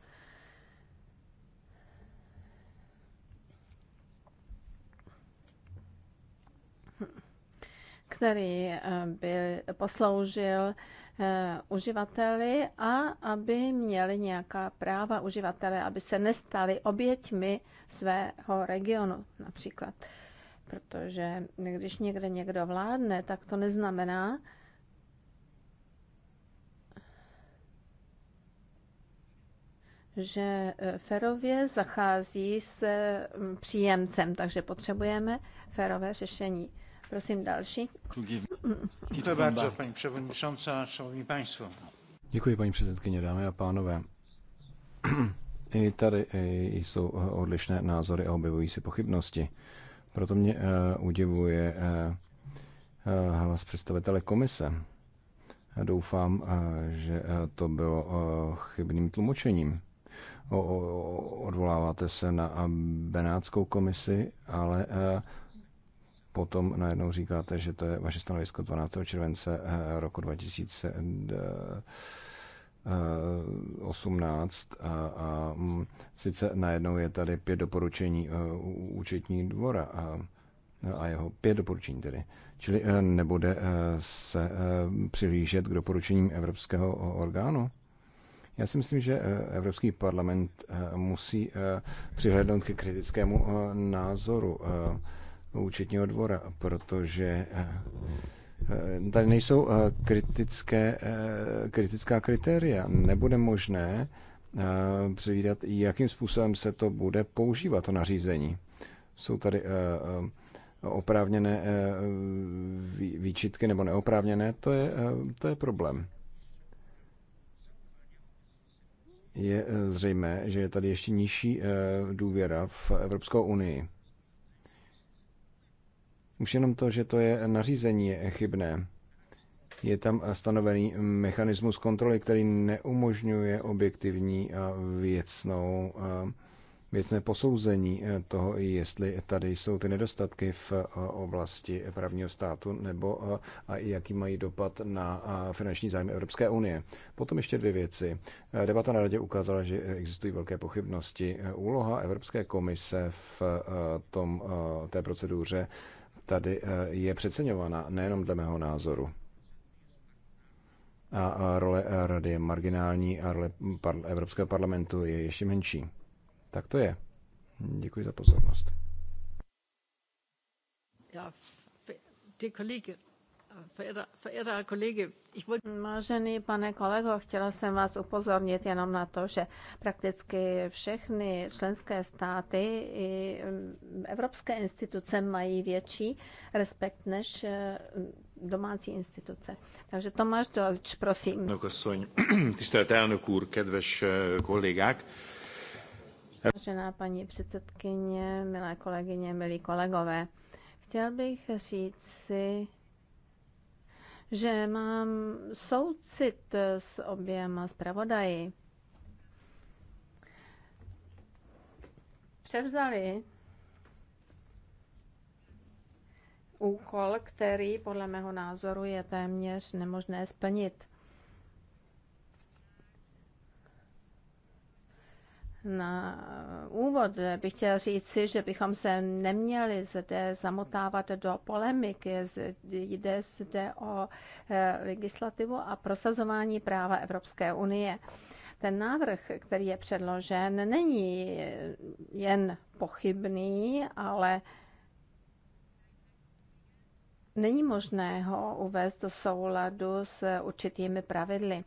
který eh, by posloužil eh, uživateli a aby měli nějaká práva uživatele, aby se nestali oběťmi svého regionu například. Protože když někde někdo vládne, tak to neznamená, že eh, ferově zachází s mm, příjemcem, takže potřebujeme ferové řešení. Prosím další. Dziękuję bardzo, paní przewodnicząca, szanowni państwo. Děkuji, paní předsedkyně, dámy a pánové. I tady jsou odlišné názory a objevují se pochybnosti. Proto mě eh, udivuje eh, hlas představitele komise. Doufám, eh, že to bylo chybným tlumočením. Odvoláváte se na Benátskou komisi, ale potom najednou říkáte, že to je vaše stanovisko 12. července eh, roku 2018 a, a mm, sice najednou je tady pět doporučení eh, účetní dvora a, a jeho pět doporučení tedy. Čili eh, nebude se přilížet k doporučením evropského orgánu? Já si myslím, že Evropský parlament musí přihlédnout ke kritickému názoru účetního dvora, protože eh, eh, tady nejsou eh, kritické, kritická kritéria. Nebude možné předvídat, jakým způsobem se to bude používat, to nařízení. Jsou tady oprávněné výčitky nebo neoprávněné, to je, to je problém. Je zřejmé, že je tady ještě nižší důvěra v Evropskou unii už jenom to, že to je nařízení, je chybné. Je tam stanovený mechanismus kontroly, který neumožňuje objektivní a věcnou, věcné posouzení toho, jestli tady jsou ty nedostatky v oblasti právního státu nebo a jaký mají dopad na finanční zájmy Evropské unie. Potom ještě dvě věci. Debata na radě ukázala, že existují velké pochybnosti. Úloha Evropské komise v tom, té proceduře tady eh, je přeceňovaná, nejenom dle mého názoru. A role eh, rady je marginální a role mm, Evropského parlamentu je ještě menší. Tak to je. Děkuji za pozornost. Ja, die Kollegin. Vážený pane kolego, chtěla jsem vás upozornit jenom na to, že prakticky všechny členské státy i mm, evropské instituce mají větší respekt než eh, domácí instituce. Takže Tomáš Dolč, prosím. Asszony, tisztelt elnök úr, kedves eh, kollégák! Vážená paní předsedkyně, milé kolegyně, milí kolegové, chtěl bych říct si, že mám soucit s oběma zpravodaji. Převzali úkol, který podle mého názoru je téměř nemožné splnit. Na úvod bych chtěla říci, že bychom se neměli zde zamotávat do polemiky. Jde zde o eh, legislativu a prosazování práva Evropské unie. Ten návrh, který je předložen, není jen pochybný, ale není možné ho uvést do souladu s určitými pravidly.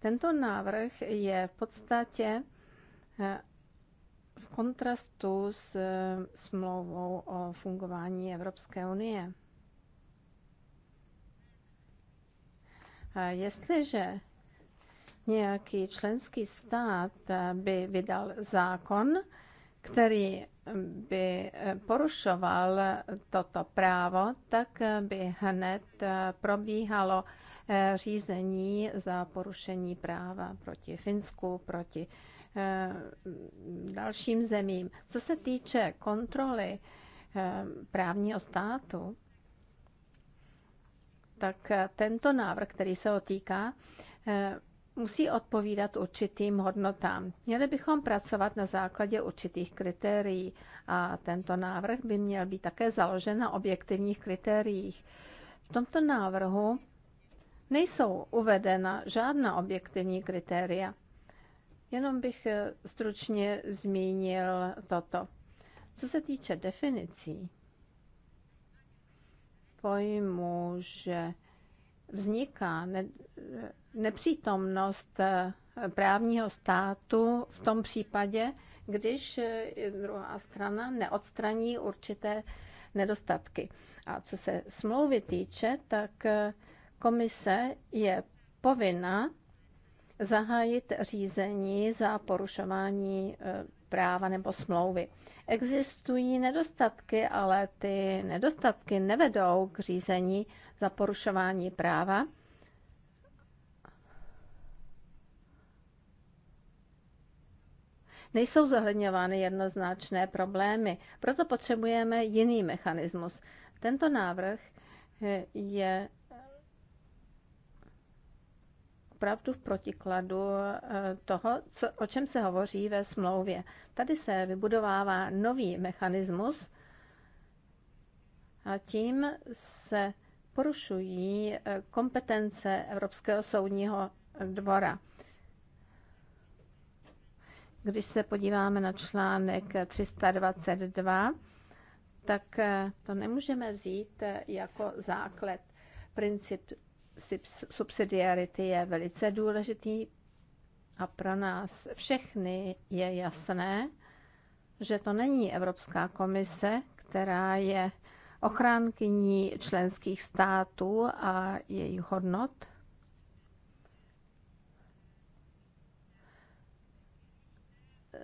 Tento návrh je v podstatě Eh, v kontrastu s eh, smlouvou o fungování Evropské unie. Jestliže nějaký členský stát eh, by vydal zákon, který by porušoval toto právo, tak by hned probíhalo řízení za porušení práva proti Finsku, proti Eh, dalším zemím. Co se týče kontroly eh, právního státu, tak eh, tento návrh, který se otýká, musí odpovídat určitým hodnotám. Měli bychom pracovat na základě určitých kritérií a tento návrh by měl být také založen na objektivních kritériích. V tomto návrhu nejsou uvedena žádná objektivní kritéria. Jenom bych eh, stručně zmínil toto. Co se týče definicí pojmu, že vzniká nepřítomnost eh, právního státu v tom případě, když eh, druhá strana neodstraní určité nedostatky. A co se smlouvy týče, tak komise je povinna zahájit řízení za porušování e, práva nebo smlouvy. Existují nedostatky, ale ty nedostatky nevedou k řízení za porušování práva. Nejsou zohledňovány jednoznačné problémy, proto potřebujeme jiný mechanismus. Tento návrh e, je opravdu v protikladu eh, toho, co, o čem se hovoří ve smlouvě. Tady se vybudovává nový mechanismus a tím se porušují eh, kompetence Evropského soudního dvora. Když se podíváme na článek 322, tak eh, to nemůžeme vzít jako základ. Princip subsidiarity je velice důležitý a pro nás všechny je jasné, že to není Evropská komise, která je ochránkyní členských států a jejich hodnot.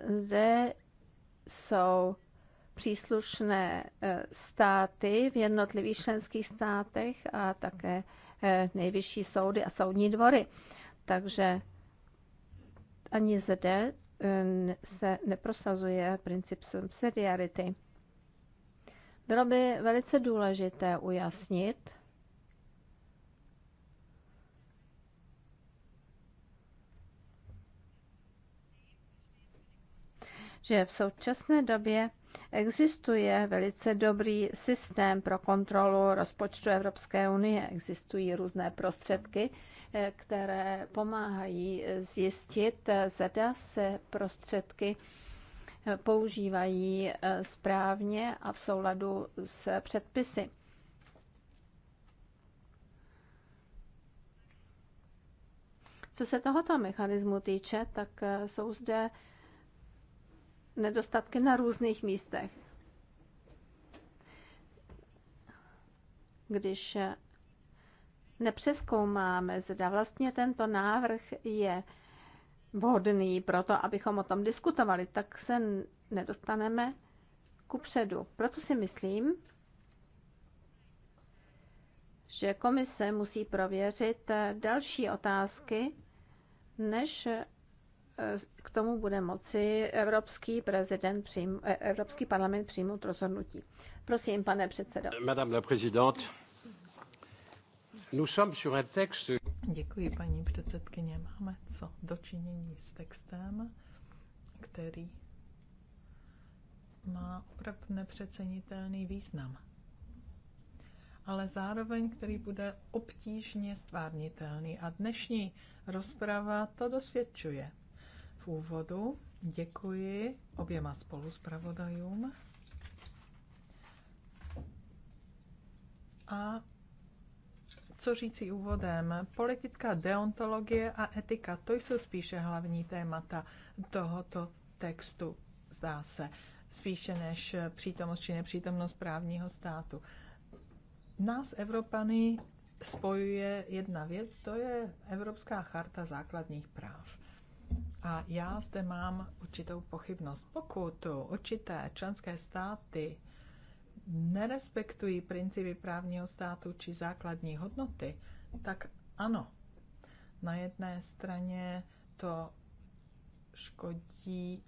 Zde jsou příslušné eh, státy v jednotlivých členských státech a také Eh, nejvyšší soudy a soudní dvory. Takže ani zde eh, se neprosazuje princip subsidiarity. Bylo by velice důležité ujasnit, že v současné době Existuje velice dobrý systém pro kontrolu rozpočtu Evropské unie. Existují různé prostředky, eh, které pomáhají zjistit, eh, zda se prostředky eh, používají správně a v souladu s předpisy. Co se tohoto mechanismu týče, tak jsou zde nedostatky na různých místech. Když nepřeskoumáme, zda vlastně tento návrh je vhodný pro to, abychom o tom diskutovali, tak se nedostaneme ku předu. Proto si myslím, že komise musí prověřit eh, další otázky, než Eh, k tomu bude moci Evropský, prezident přijm, eh, Evropský parlament přijmout rozhodnutí. Prosím, pane předsedo. Madame la présidente, nous sommes sur un texte... Děkuji, paní předsedkyně. Máme co dočinění s textem, který má opravdu nepřecenitelný význam, ale zároveň, který bude obtížně stvárnitelný. A dnešní rozprava to dosvědčuje úvodu. Děkuji oběma zpravodajům. A co říci úvodem? Politická deontologie a etika, to jsou spíše hlavní témata tohoto textu, zdá se, spíše než přítomnost či nepřítomnost právního státu. Nás, Evropany, spojuje jedna věc, to je Evropská charta základních práv. A já zde mám určitou pochybnost. Pokud určité členské státy nerespektují principy právního státu či základní hodnoty, tak ano, na jedné straně to škodí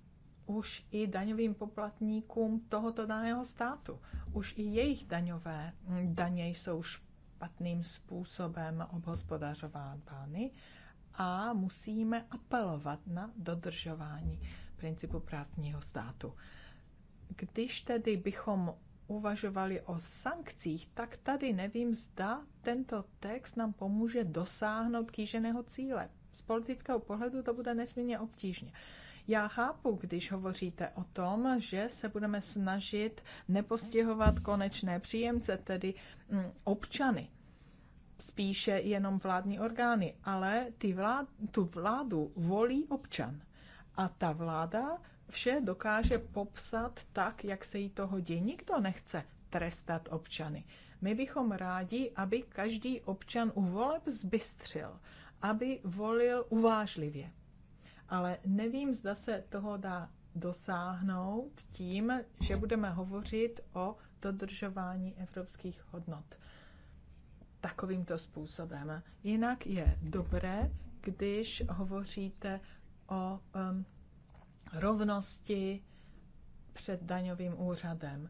už i daňovým poplatníkům tohoto daného státu. Už i jejich daňové daně jsou špatným způsobem obhospodařovány a musíme apelovat na dodržování principu právního státu. Když tedy bychom uvažovali o sankcích, tak tady nevím, zda tento text nám pomůže dosáhnout kýženého cíle. Z politického pohledu to bude nesmírně obtížně. Já chápu, když hovoříte o tom, že se budeme snažit nepostihovat konečné příjemce, tedy mm, občany spíše jenom vládní orgány, ale ty vlád, tu vládu volí občan. A ta vláda vše dokáže popsat tak, jak se jí to hodí. Nikdo nechce trestat občany. My bychom rádi, aby každý občan u voleb zbystřil, aby volil uvážlivě. Ale nevím, zda se toho dá dosáhnout tím, že budeme hovořit o dodržování evropských hodnot takovýmto způsobem. Jinak je dobré, když hovoříte o um, rovnosti před daňovým úřadem.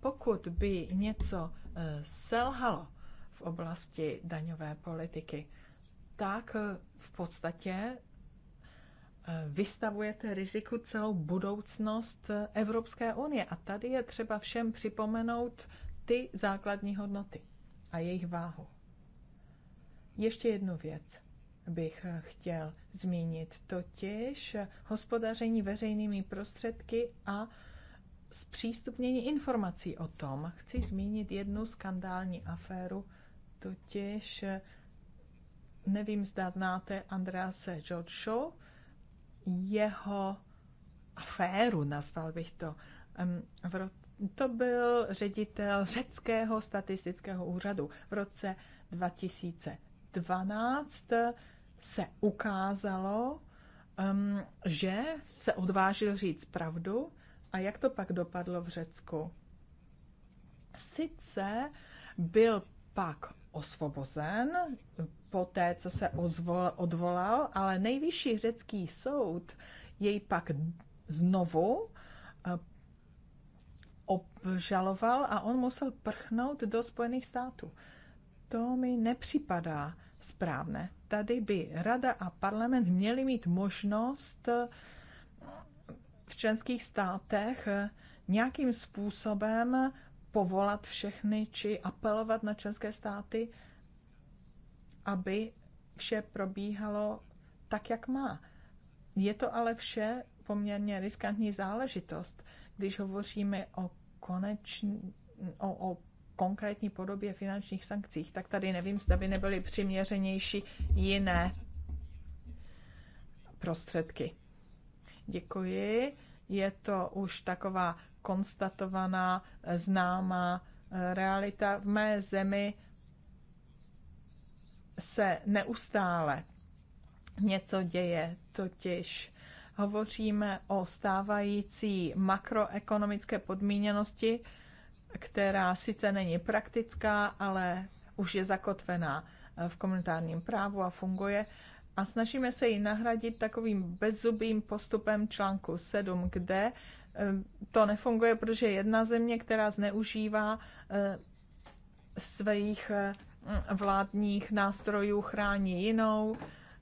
Pokud by něco uh, selhalo v oblasti daňové politiky, tak uh, v podstatě uh, vystavujete riziku celou budoucnost Evropské unie. A tady je třeba všem připomenout ty základní hodnoty a jejich váhu. Ještě jednu věc bych chtěl zmínit, totiž hospodaření veřejnými prostředky a zpřístupnění informací o tom. Chci zmínit jednu skandální aféru, totiž nevím, zda znáte Andrease George Shaw, jeho aféru, nazval bych to, v roce to byl ředitel řeckého statistického úřadu. V roce 2012 se ukázalo, um, že se odvážil říct pravdu. A jak to pak dopadlo v Řecku? Sice byl pak osvobozen po té, co se ozvol, odvolal, ale nejvyšší řecký soud jej pak znovu obžaloval a on musel prchnout do Spojených států. To mi nepřipadá správné. Tady by rada a parlament měli mít možnost v členských státech nějakým způsobem povolat všechny či apelovat na členské státy, aby vše probíhalo tak, jak má. Je to ale vše poměrně riskantní záležitost když hovoříme o koneční, o, o konkrétní podobě finančních sankcích, tak tady nevím, zda by nebyly přiměřenější jiné prostředky. Děkuji. Je to už taková konstatovaná, známá eh, realita. V mé zemi se neustále něco děje, totiž Hovoříme o stávající makroekonomické podmíněnosti, která sice není praktická, ale už je zakotvená eh, v komunitárním právu a funguje. A snažíme se ji nahradit takovým bezzubým postupem článku 7, kde eh, to nefunguje, protože jedna země, která zneužívá eh, svých vládních nástrojů, chrání jinou,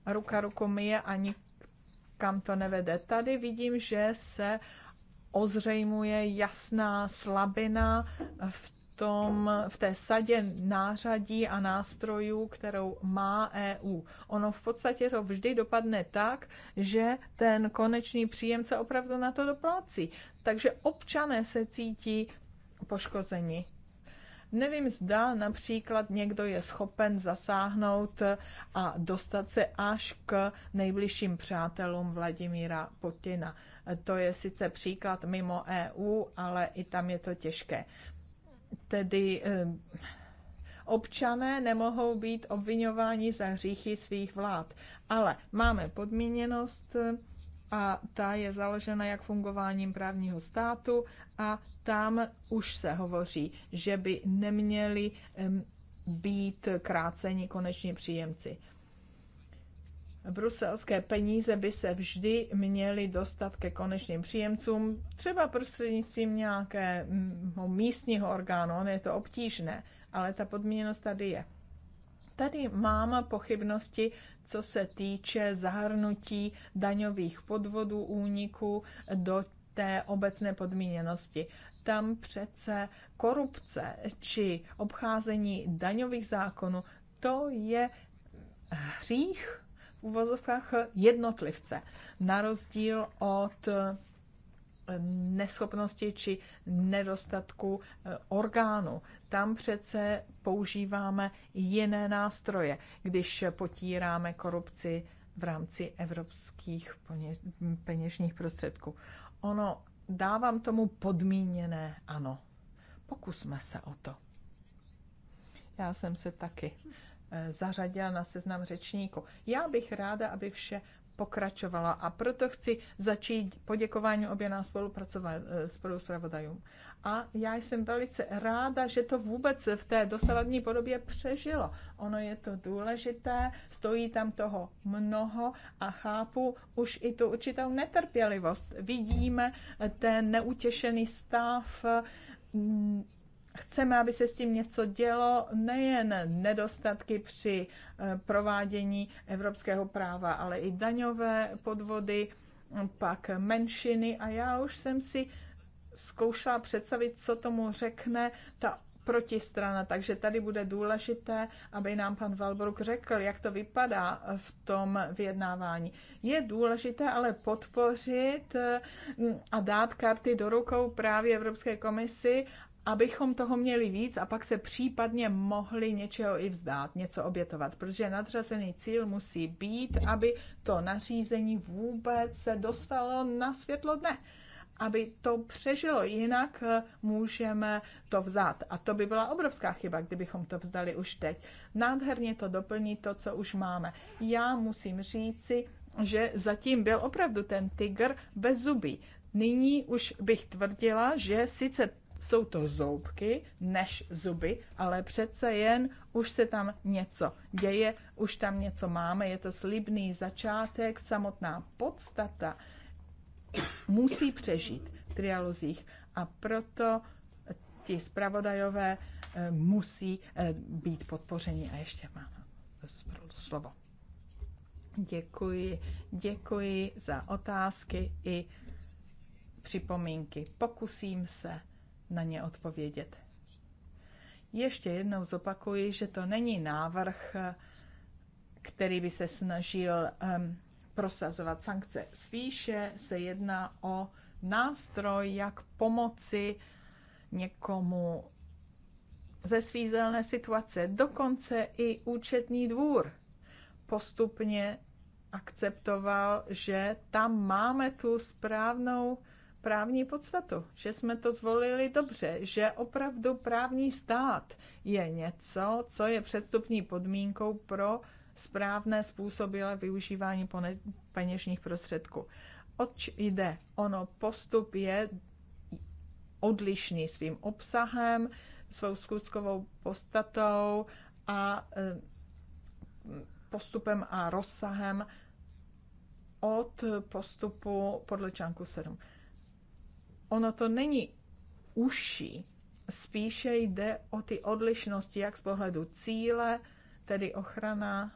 ruka ruku myje a nikdo kam to nevede. Tady vidím, že se ozřejmuje jasná slabina v tom, v té sadě nářadí a nástrojů, kterou má EU. Ono v podstatě to vždy dopadne tak, že ten konečný příjemce opravdu na to doplácí. Takže občané se cítí poškozeni. Nevím, zda například někdo je schopen zasáhnout a dostat se až k nejbližším přátelům Vladimíra Putina. To je sice příklad mimo EU, ale i tam je to těžké. Tedy eh, občané nemohou být obvinováni za hříchy svých vlád, ale máme podmíněnost a ta je založena jak fungováním právního státu a tam už se hovoří, že by neměli být kráceni koneční příjemci. Bruselské peníze by se vždy měly dostat ke konečným příjemcům, třeba prostřednictvím nějakého no, místního orgánu, ono je to obtížné, ale ta podmíněnost tady je. Tady mám pochybnosti co se týče zahrnutí daňových podvodů, úniků do té obecné podmíněnosti. Tam přece korupce či obcházení daňových zákonů, to je hřích v uvozovkách jednotlivce, na rozdíl od neschopnosti či nedostatku eh, orgánu. Tam přece používáme jiné nástroje, když potíráme korupci v rámci evropských peněžních prostředků. Ono, dávám tomu podmíněné ano. Pokusme se o to. Já jsem se taky Eh, zařadila na seznam řečníků. Já bych ráda, aby vše pokračovala a proto chci začít poděkování oběma eh, spoluzpravodajům. A já jsem velice ráda, že to vůbec v té dosavadní podobě přežilo. Ono je to důležité, stojí tam toho mnoho a chápu už i tu určitou netrpělivost. Vidíme eh, ten neutěšený stav mm, chceme, aby se s tím něco dělo, nejen nedostatky při eh, provádění evropského práva, ale i daňové podvody, pak menšiny a já už jsem si zkoušela představit, co tomu řekne ta protistrana, takže tady bude důležité, aby nám pan Valbruk řekl, jak to vypadá v tom vyjednávání. Je důležité ale podpořit eh, a dát karty do rukou právě Evropské komisi abychom toho měli víc a pak se případně mohli něčeho i vzdát, něco obětovat, protože nadřazený cíl musí být, aby to nařízení vůbec se dostalo na světlo dne, aby to přežilo, jinak eh, můžeme to vzát. A to by byla obrovská chyba, kdybychom to vzdali už teď. Nádherně to doplní to, co už máme. Já musím říci, že zatím byl opravdu ten tygr bez zubí. Nyní už bych tvrdila, že sice jsou to zoubky než zuby, ale přece jen už se tam něco děje, už tam něco máme, je to slibný začátek, samotná podstata musí přežít v trialozích a proto ti zpravodajové eh, musí eh, být podpořeni. A ještě mám slovo. Děkuji, děkuji za otázky i připomínky. Pokusím se na ně odpovědět. Ještě jednou zopakuji, že to není návrh, který by se snažil um, prosazovat sankce. Spíše se jedná o nástroj, jak pomoci někomu ze svízelné situace. Dokonce i účetní dvůr postupně akceptoval, že tam máme tu správnou právní podstatu, že jsme to zvolili dobře, že opravdu právní stát je něco, co je předstupní podmínkou pro správné způsobilé využívání peněžních prostředků. Oč jde? Ono postup je odlišný svým obsahem, svou skutkovou podstatou a eh, postupem a rozsahem od postupu podle článku 7 ono to není uší, spíše jde o ty odlišnosti, jak z pohledu cíle, tedy ochrana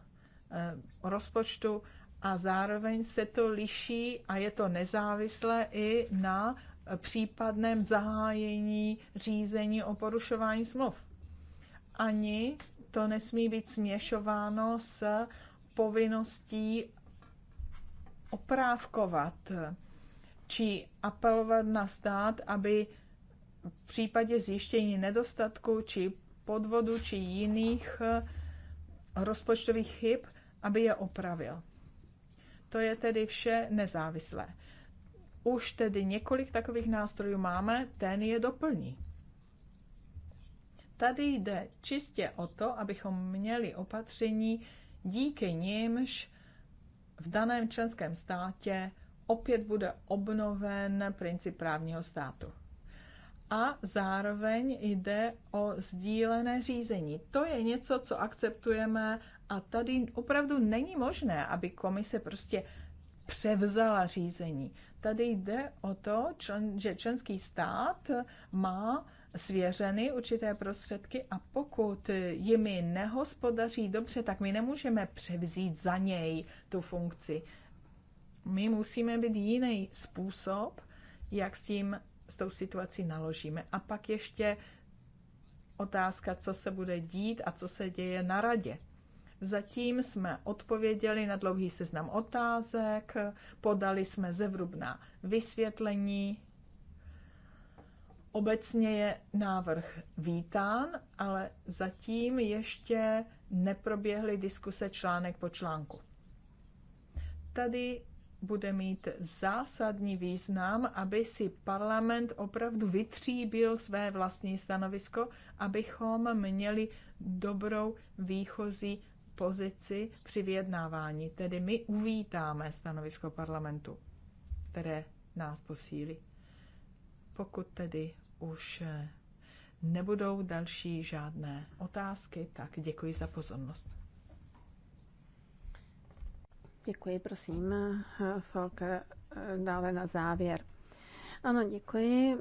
eh, rozpočtu a zároveň se to liší a je to nezávislé i na případném zahájení řízení o porušování smluv. Ani to nesmí být směšováno s povinností oprávkovat či apelovat na stát, aby v případě zjištění nedostatku či podvodu či jiných eh, rozpočtových chyb, aby je opravil. To je tedy vše nezávislé. Už tedy několik takových nástrojů máme, ten je doplní. Tady jde čistě o to, abychom měli opatření, díky nimž v daném členském státě opět bude obnoven princip právního státu. A zároveň jde o sdílené řízení. To je něco, co akceptujeme a tady opravdu není možné, aby komise prostě převzala řízení. Tady jde o to, člen, že členský stát má svěřeny určité prostředky a pokud jimi nehospodaří dobře, tak my nemůžeme převzít za něj tu funkci my musíme být jiný způsob, jak s tím, s tou situací naložíme. A pak ještě otázka, co se bude dít a co se děje na radě. Zatím jsme odpověděli na dlouhý seznam otázek, podali jsme zevrubná vysvětlení. Obecně je návrh vítán, ale zatím ještě neproběhly diskuse článek po článku. Tady bude mít zásadní význam, aby si parlament opravdu vytříbil své vlastní stanovisko, abychom měli dobrou výchozí pozici při vyjednávání. Tedy my uvítáme stanovisko parlamentu, které nás posílí. Pokud tedy už eh, nebudou další žádné otázky, tak děkuji za pozornost. Děkuji, prosím, Falka, dále na závěr. Ano, děkuji.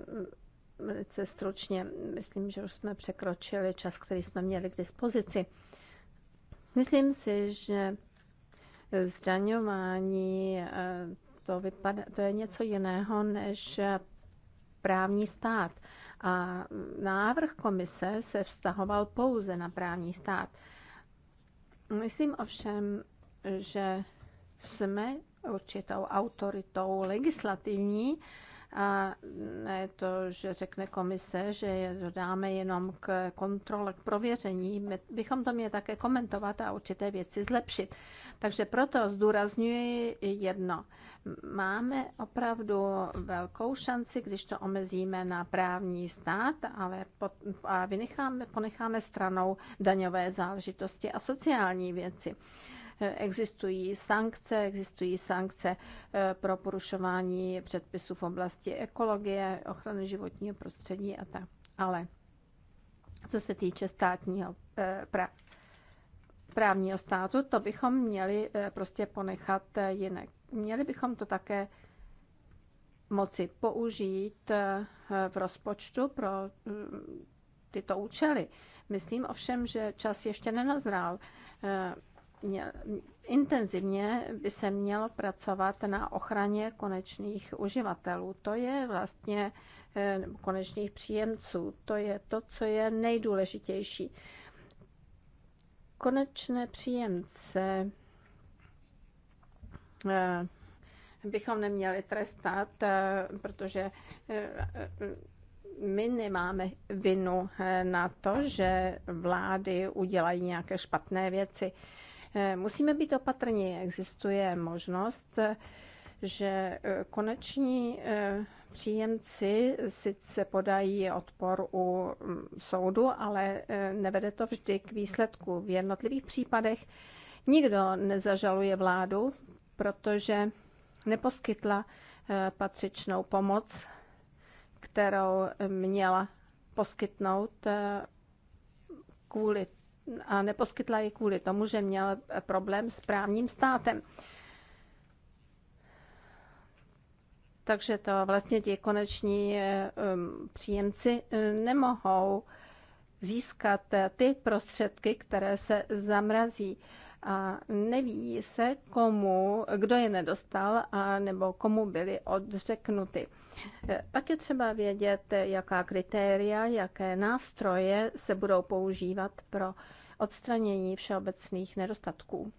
Velice stručně, myslím, že už jsme překročili čas, který jsme měli k dispozici. Myslím si, že zdaňování to, vypadá, to je něco jiného než právní stát. A návrh komise se vztahoval pouze na právní stát. Myslím ovšem, že jsme určitou autoritou legislativní, a ne to, že řekne komise, že je dodáme jenom k kontrole, k prověření. My bychom to měli také komentovat a určité věci zlepšit. Takže proto zdůrazňuji jedno. Máme opravdu velkou šanci, když to omezíme na právní stát, ale pot, a vynecháme, ponecháme stranou daňové záležitosti a sociální věci. Existují sankce, existují sankce eh, pro porušování předpisů v oblasti ekologie, ochrany životního prostředí a tak. Ale co se týče státního eh, pra, právního státu, to bychom měli eh, prostě ponechat jinak. Měli bychom to také moci použít v rozpočtu pro mm, tyto účely. Myslím ovšem, že čas ještě nenazrál intenzivně by se mělo pracovat na ochraně konečných uživatelů. To je vlastně eh, konečných příjemců. To je to, co je nejdůležitější. Konečné příjemce eh, bychom neměli trestat, eh, protože my nemáme vinu na to, že vlády udělají nějaké špatné věci. Eh, musíme být opatrní. Existuje možnost, že eh, koneční eh, příjemci sice podají odpor u mm, soudu, ale nevede to vždy k výsledku. V jednotlivých případech nikdo nezažaluje vládu, protože neposkytla patřičnou pomoc, kterou měla poskytnout kvůli a neposkytla je kvůli tomu, že měl problém s právním státem. Takže to vlastně ti koneční eh, příjemci eh, nemohou získat eh, ty prostředky, které se zamrazí a neví se, komu, kdo je nedostal a nebo komu byly odřeknuty. E, pak je třeba vědět, jaká kritéria, jaké nástroje se budou používat pro odstranění všeobecných nedostatků.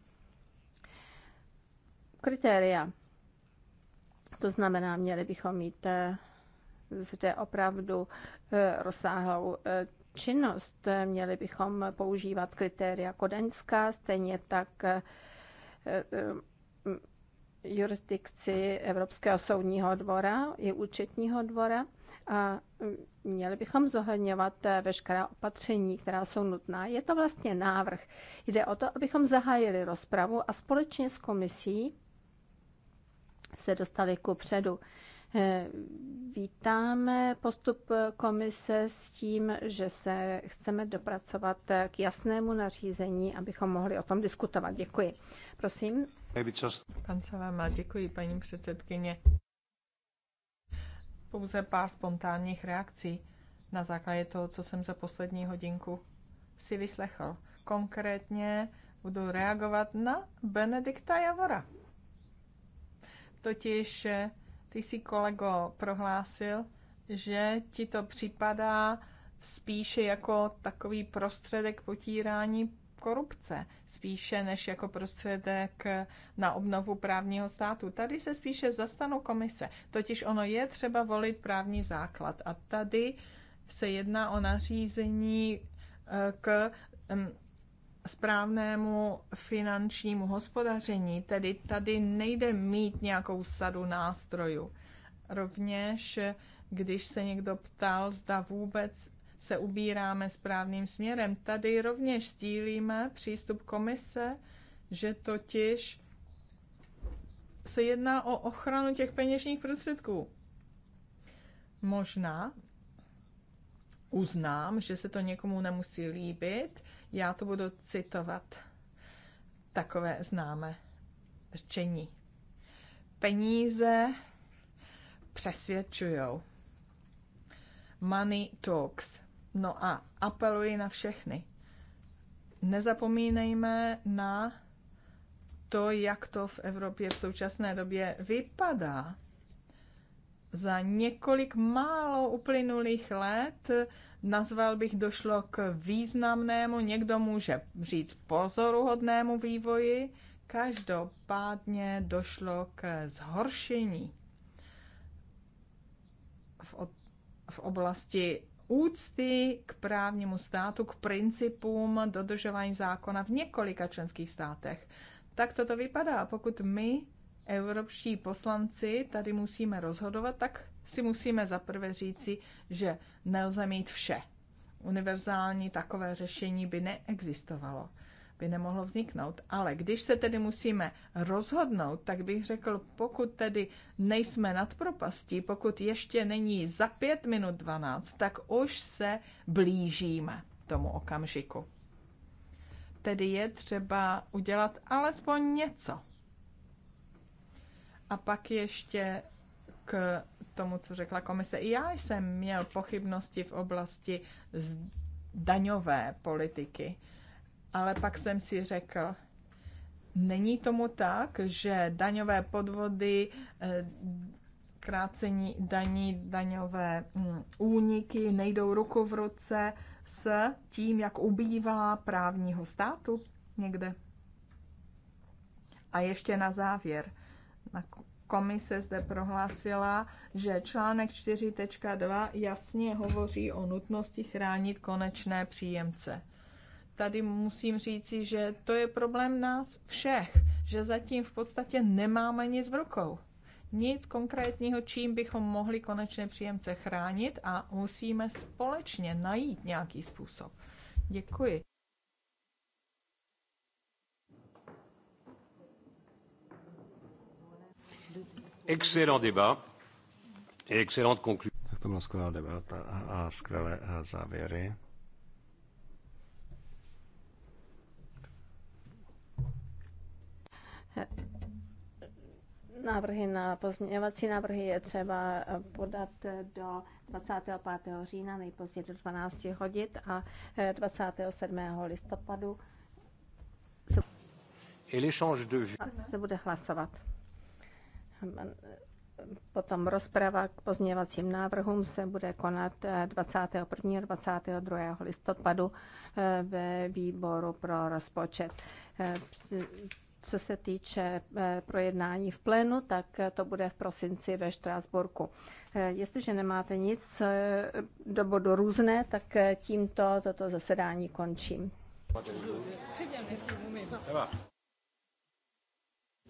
Kritéria. To znamená, měli bychom mít e, zde opravdu e, rozsáhlou činnost. Měli bychom používat kritéria kodaňská, stejně tak eh, eh, jurisdikci Evropského soudního dvora i účetního dvora a měli bychom zohledňovat eh, veškerá opatření, která jsou nutná. Je to vlastně návrh. Jde o to, abychom zahájili rozpravu a společně s komisí se dostali ku předu. Eh, vítáme postup komise s tím, že se chceme dopracovat k jasnému nařízení, abychom mohli o tom diskutovat. Děkuji. Prosím. Pan Salama, děkuji, paní předsedkyně. Pouze pár spontánních reakcí na základě toho, co jsem za poslední hodinku si vyslechl. Konkrétně budu reagovat na Benedikta Javora. Totiž eh, ty si kolego prohlásil, že ti to připadá spíše jako takový prostředek potírání korupce, spíše než jako prostředek na obnovu právního státu. Tady se spíše zastanu komise, totiž ono je třeba volit právní základ a tady se jedná o nařízení eh, k mm, správnému finančnímu hospodaření, tedy tady nejde mít nějakou sadu nástrojů. Rovněž, když se někdo ptal, zda vůbec se ubíráme správným směrem, tady rovněž sdílíme přístup komise, že totiž se jedná o ochranu těch peněžních prostředků. Možná uznám, že se to někomu nemusí líbit, já to budu citovat takové známé řečení. Peníze přesvědčujou. Money talks. No a apeluji na všechny. Nezapomínejme na to, jak to v Evropě v současné době vypadá. Za několik málo uplynulých let nazval bych, došlo k významnému, někdo může říct pozoruhodnému vývoji, každopádně došlo k zhoršení v, od, v oblasti úcty k právnímu státu, k principům dodržování zákona v několika členských státech. Tak toto vypadá. Pokud my, evropští poslanci, tady musíme rozhodovat, tak si musíme zaprvé říci, že nelze mít vše. Univerzální takové řešení by neexistovalo, by nemohlo vzniknout. Ale když se tedy musíme rozhodnout, tak bych řekl, pokud tedy nejsme nad propastí, pokud ještě není za pět minut dvanáct, tak už se blížíme tomu okamžiku. Tedy je třeba udělat alespoň něco. A pak ještě k tomu, co řekla komise. I já jsem měl pochybnosti v oblasti daňové politiky, ale pak jsem si řekl, není tomu tak, že daňové podvody, eh, krácení daní, daňové hm, úniky nejdou ruku v ruce s tím, jak ubývá právního státu někde. A ještě na závěr, komise zde prohlásila, že článek 4.2 jasně hovoří o nutnosti chránit konečné příjemce. Tady musím říci, že to je problém nás všech, že zatím v podstatě nemáme nic v rukou. Nic konkrétního, čím bychom mohli konečné příjemce chránit a musíme společně najít nějaký způsob. Děkuji. Excellent débat et excellente Tak to byla skvělá debata a, a skvělé závěry. Návrhy na pozměňovací návrhy je třeba podat do 25. října, nejpozději do 12 hodin a 27. listopadu se bude hlasovat. Potom rozprava k pozměňovacím návrhům se bude konat 21. Eh, a 22. listopadu eh, ve výboru pro rozpočet. Eh, co se týče projednání v plénu, tak to bude v prosinci ve Štrásburku. Jestliže nemáte nic do bodu různé, tak tímto toto zasedání končím.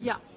Ja.